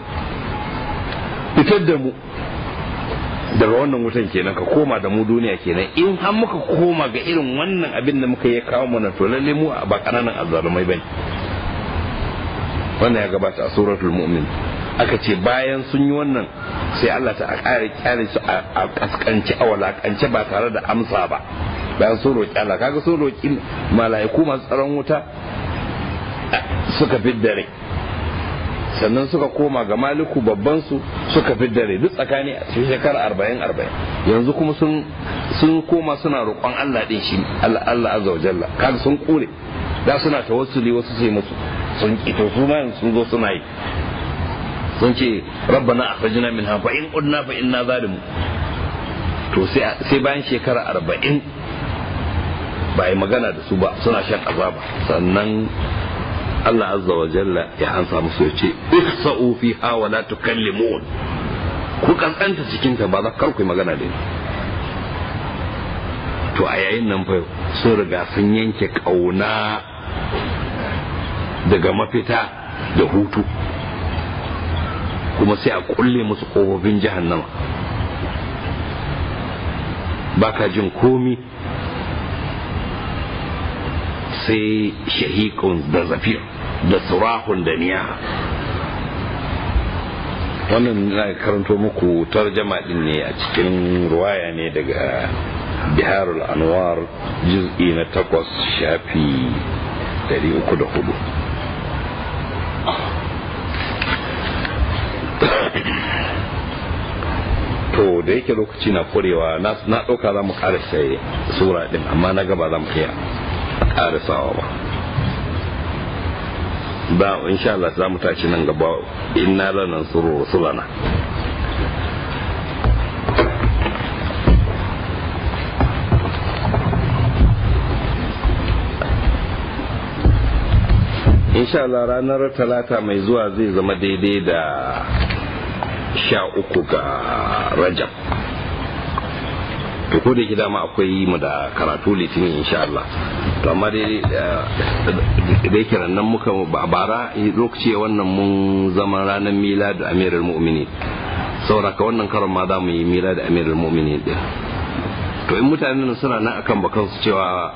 fitar da mu daga wannan wutan kenan ka koma da mu duniya kenan in har muka koma ga irin wannan abin da muka yi kawo mana to lalle mu ba kananan azzalumai bane wannan ya gabata a suratul mu'min aka ce bayan sun yi wannan sai Allah ta ƙara kyale su a kaskance a walakance ba tare da amsa ba bayan sun roki Allah kaga sun roki mala'iku masu tsaron wuta suka fidda sannan suka koma ga maliku babban su suka fi dare duk tsakani a cikin shekara arba'in arba'in yanzu kuma sun sun koma suna roƙon Allah din shi Allah azza wajalla kaga sun kure da suna tawassuli wasu sai musu sun kito su ma sun zo suna yi sun ce rabbana akhrijna minha fa in qulna fa inna zalimu to sai sai bayan shekara arba'in ba yi magana da su ba suna shan azaba sannan Allah azza wa jalla ya ansa musu ya ce ihsa'u fiha wa la tukallimun ku kankanta cikin ta ba za kar ku magana da ni to a yayin nan fa sun riga sun yanke kauna daga mafita da hutu kuma sai a kulle musu kofofin jahannama baka jin komi sai shahikun da zafir da surahun da niya wannan na karanto muku tarjama din ne a cikin ruwaya ne daga biharul anwar juz'i na takwas shafi 304 to da yake lokaci na kurewa na ɗauka za mu ƙara sai sura ɗin amma na gaba za mu iya karisawa ba ba sha Allah za mu tashi nan gaba na lanan suru rusulana insha Allah ranar talata mai zuwa zai zama daidai da sha uku ga rajab ko da dama akwai mu da karatu litinin insha Allah to amma dai eh, da yake nan muka ba bara eh, lokaci wannan mun zama ranar mila da amirar mu'mini saura ka wannan karon ma za mu yi mila da amirar mu'mini ɗin to in mutanen suna nan akan bakan su cewa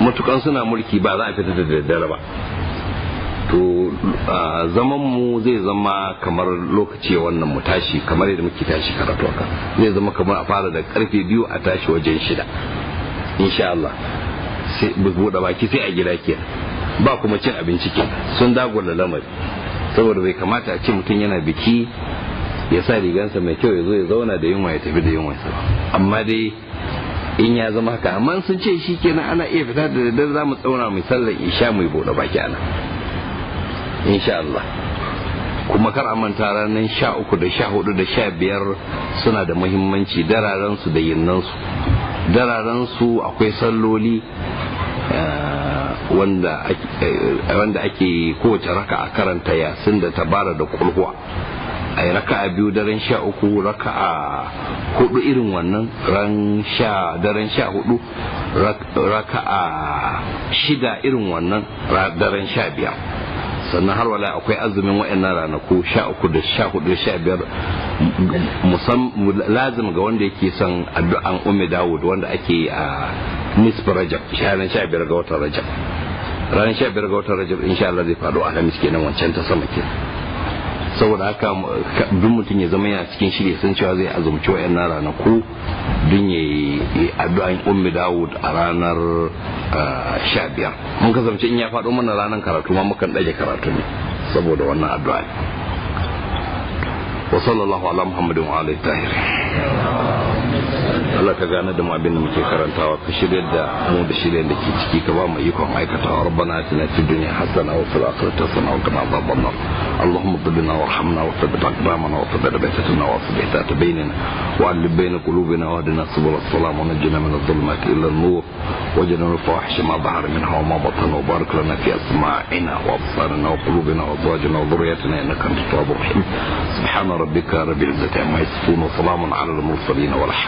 matukan suna mulki ba za a fita da daddare ba to ah, zaman mu zai zama kamar lokaci wannan mu tashi kamar yadda muke tashi karatu haka zai zama kamar a fara da karfe biyu a tashi wajen shida insha Allah buɗe baki sai a gida ke ba kuma cin abinci ke sun dagula lamari saboda bai kamata a ce mutum yana biki ya sa rigansa mai kyau ya zo ya zauna da yunwa ya tafi da yunwa ba amma dai in ya zama haka amma sun ce shi kenan ana iya fita da daddare za mu tsauna mai sallar isha mai buɗe baki ana insha Allah kuma kar a manta ranar sha uku da sha hudu da sha biyar suna da muhimmanci dararen su da yinnansu dararen su akwai salloli eh, eh, wanda ake kowace raka a karanta yasin da tabara da kulhuwa a yi raka a biyu daren sha uku raka a hudu irin wannan ran sha daren sha hudu raka a shida irin wannan daren sha biyar sannan har wala akwai azumin wa'annan ranaku sha uku da sha hudu sha biyar lazim ga wanda yake son addu'an ummi dawud wanda ake yi a nisfi rajab ranar sha biyar ga watan rajab ranar sha biyar ga watan rajab insha Allah zai faru alhamis kenan wancan ta sama kenan saboda haka duk mutum ya zama yana cikin shirya san cewa zai azumci na ranaku don ya yi addu'an ummi dawud a ranar sha mun kasance in ya faɗo mana ranar karatu ma mukan ɗage karatu ne saboda wannan addu'a wa sallallahu ala muhammadin wa alaihi tahir Allah ka gane da mu abin da muke karantawa ka shigar da mu da shirin da ke ciki ka ba mu ikon aikata rabbana atina fid dunya hasana wa fil akhirati hasana wa qina adhaban nar اللهم اغفرنا وارحمنا وثبت اقدامنا وثبت بيتنا واصلح ذات بيننا وعلم بين قلوبنا واهدنا سبل السلام ونجنا من الظلمات الى النور وجنا الفواحش ما ظهر منها وما بطن وبارك لنا في اسماعنا وابصارنا وقلوبنا وازواجنا وذريتنا انك انت التواب الرحيم سبحان ربك رب العزه عما يصفون وسلام على المرسلين والحمد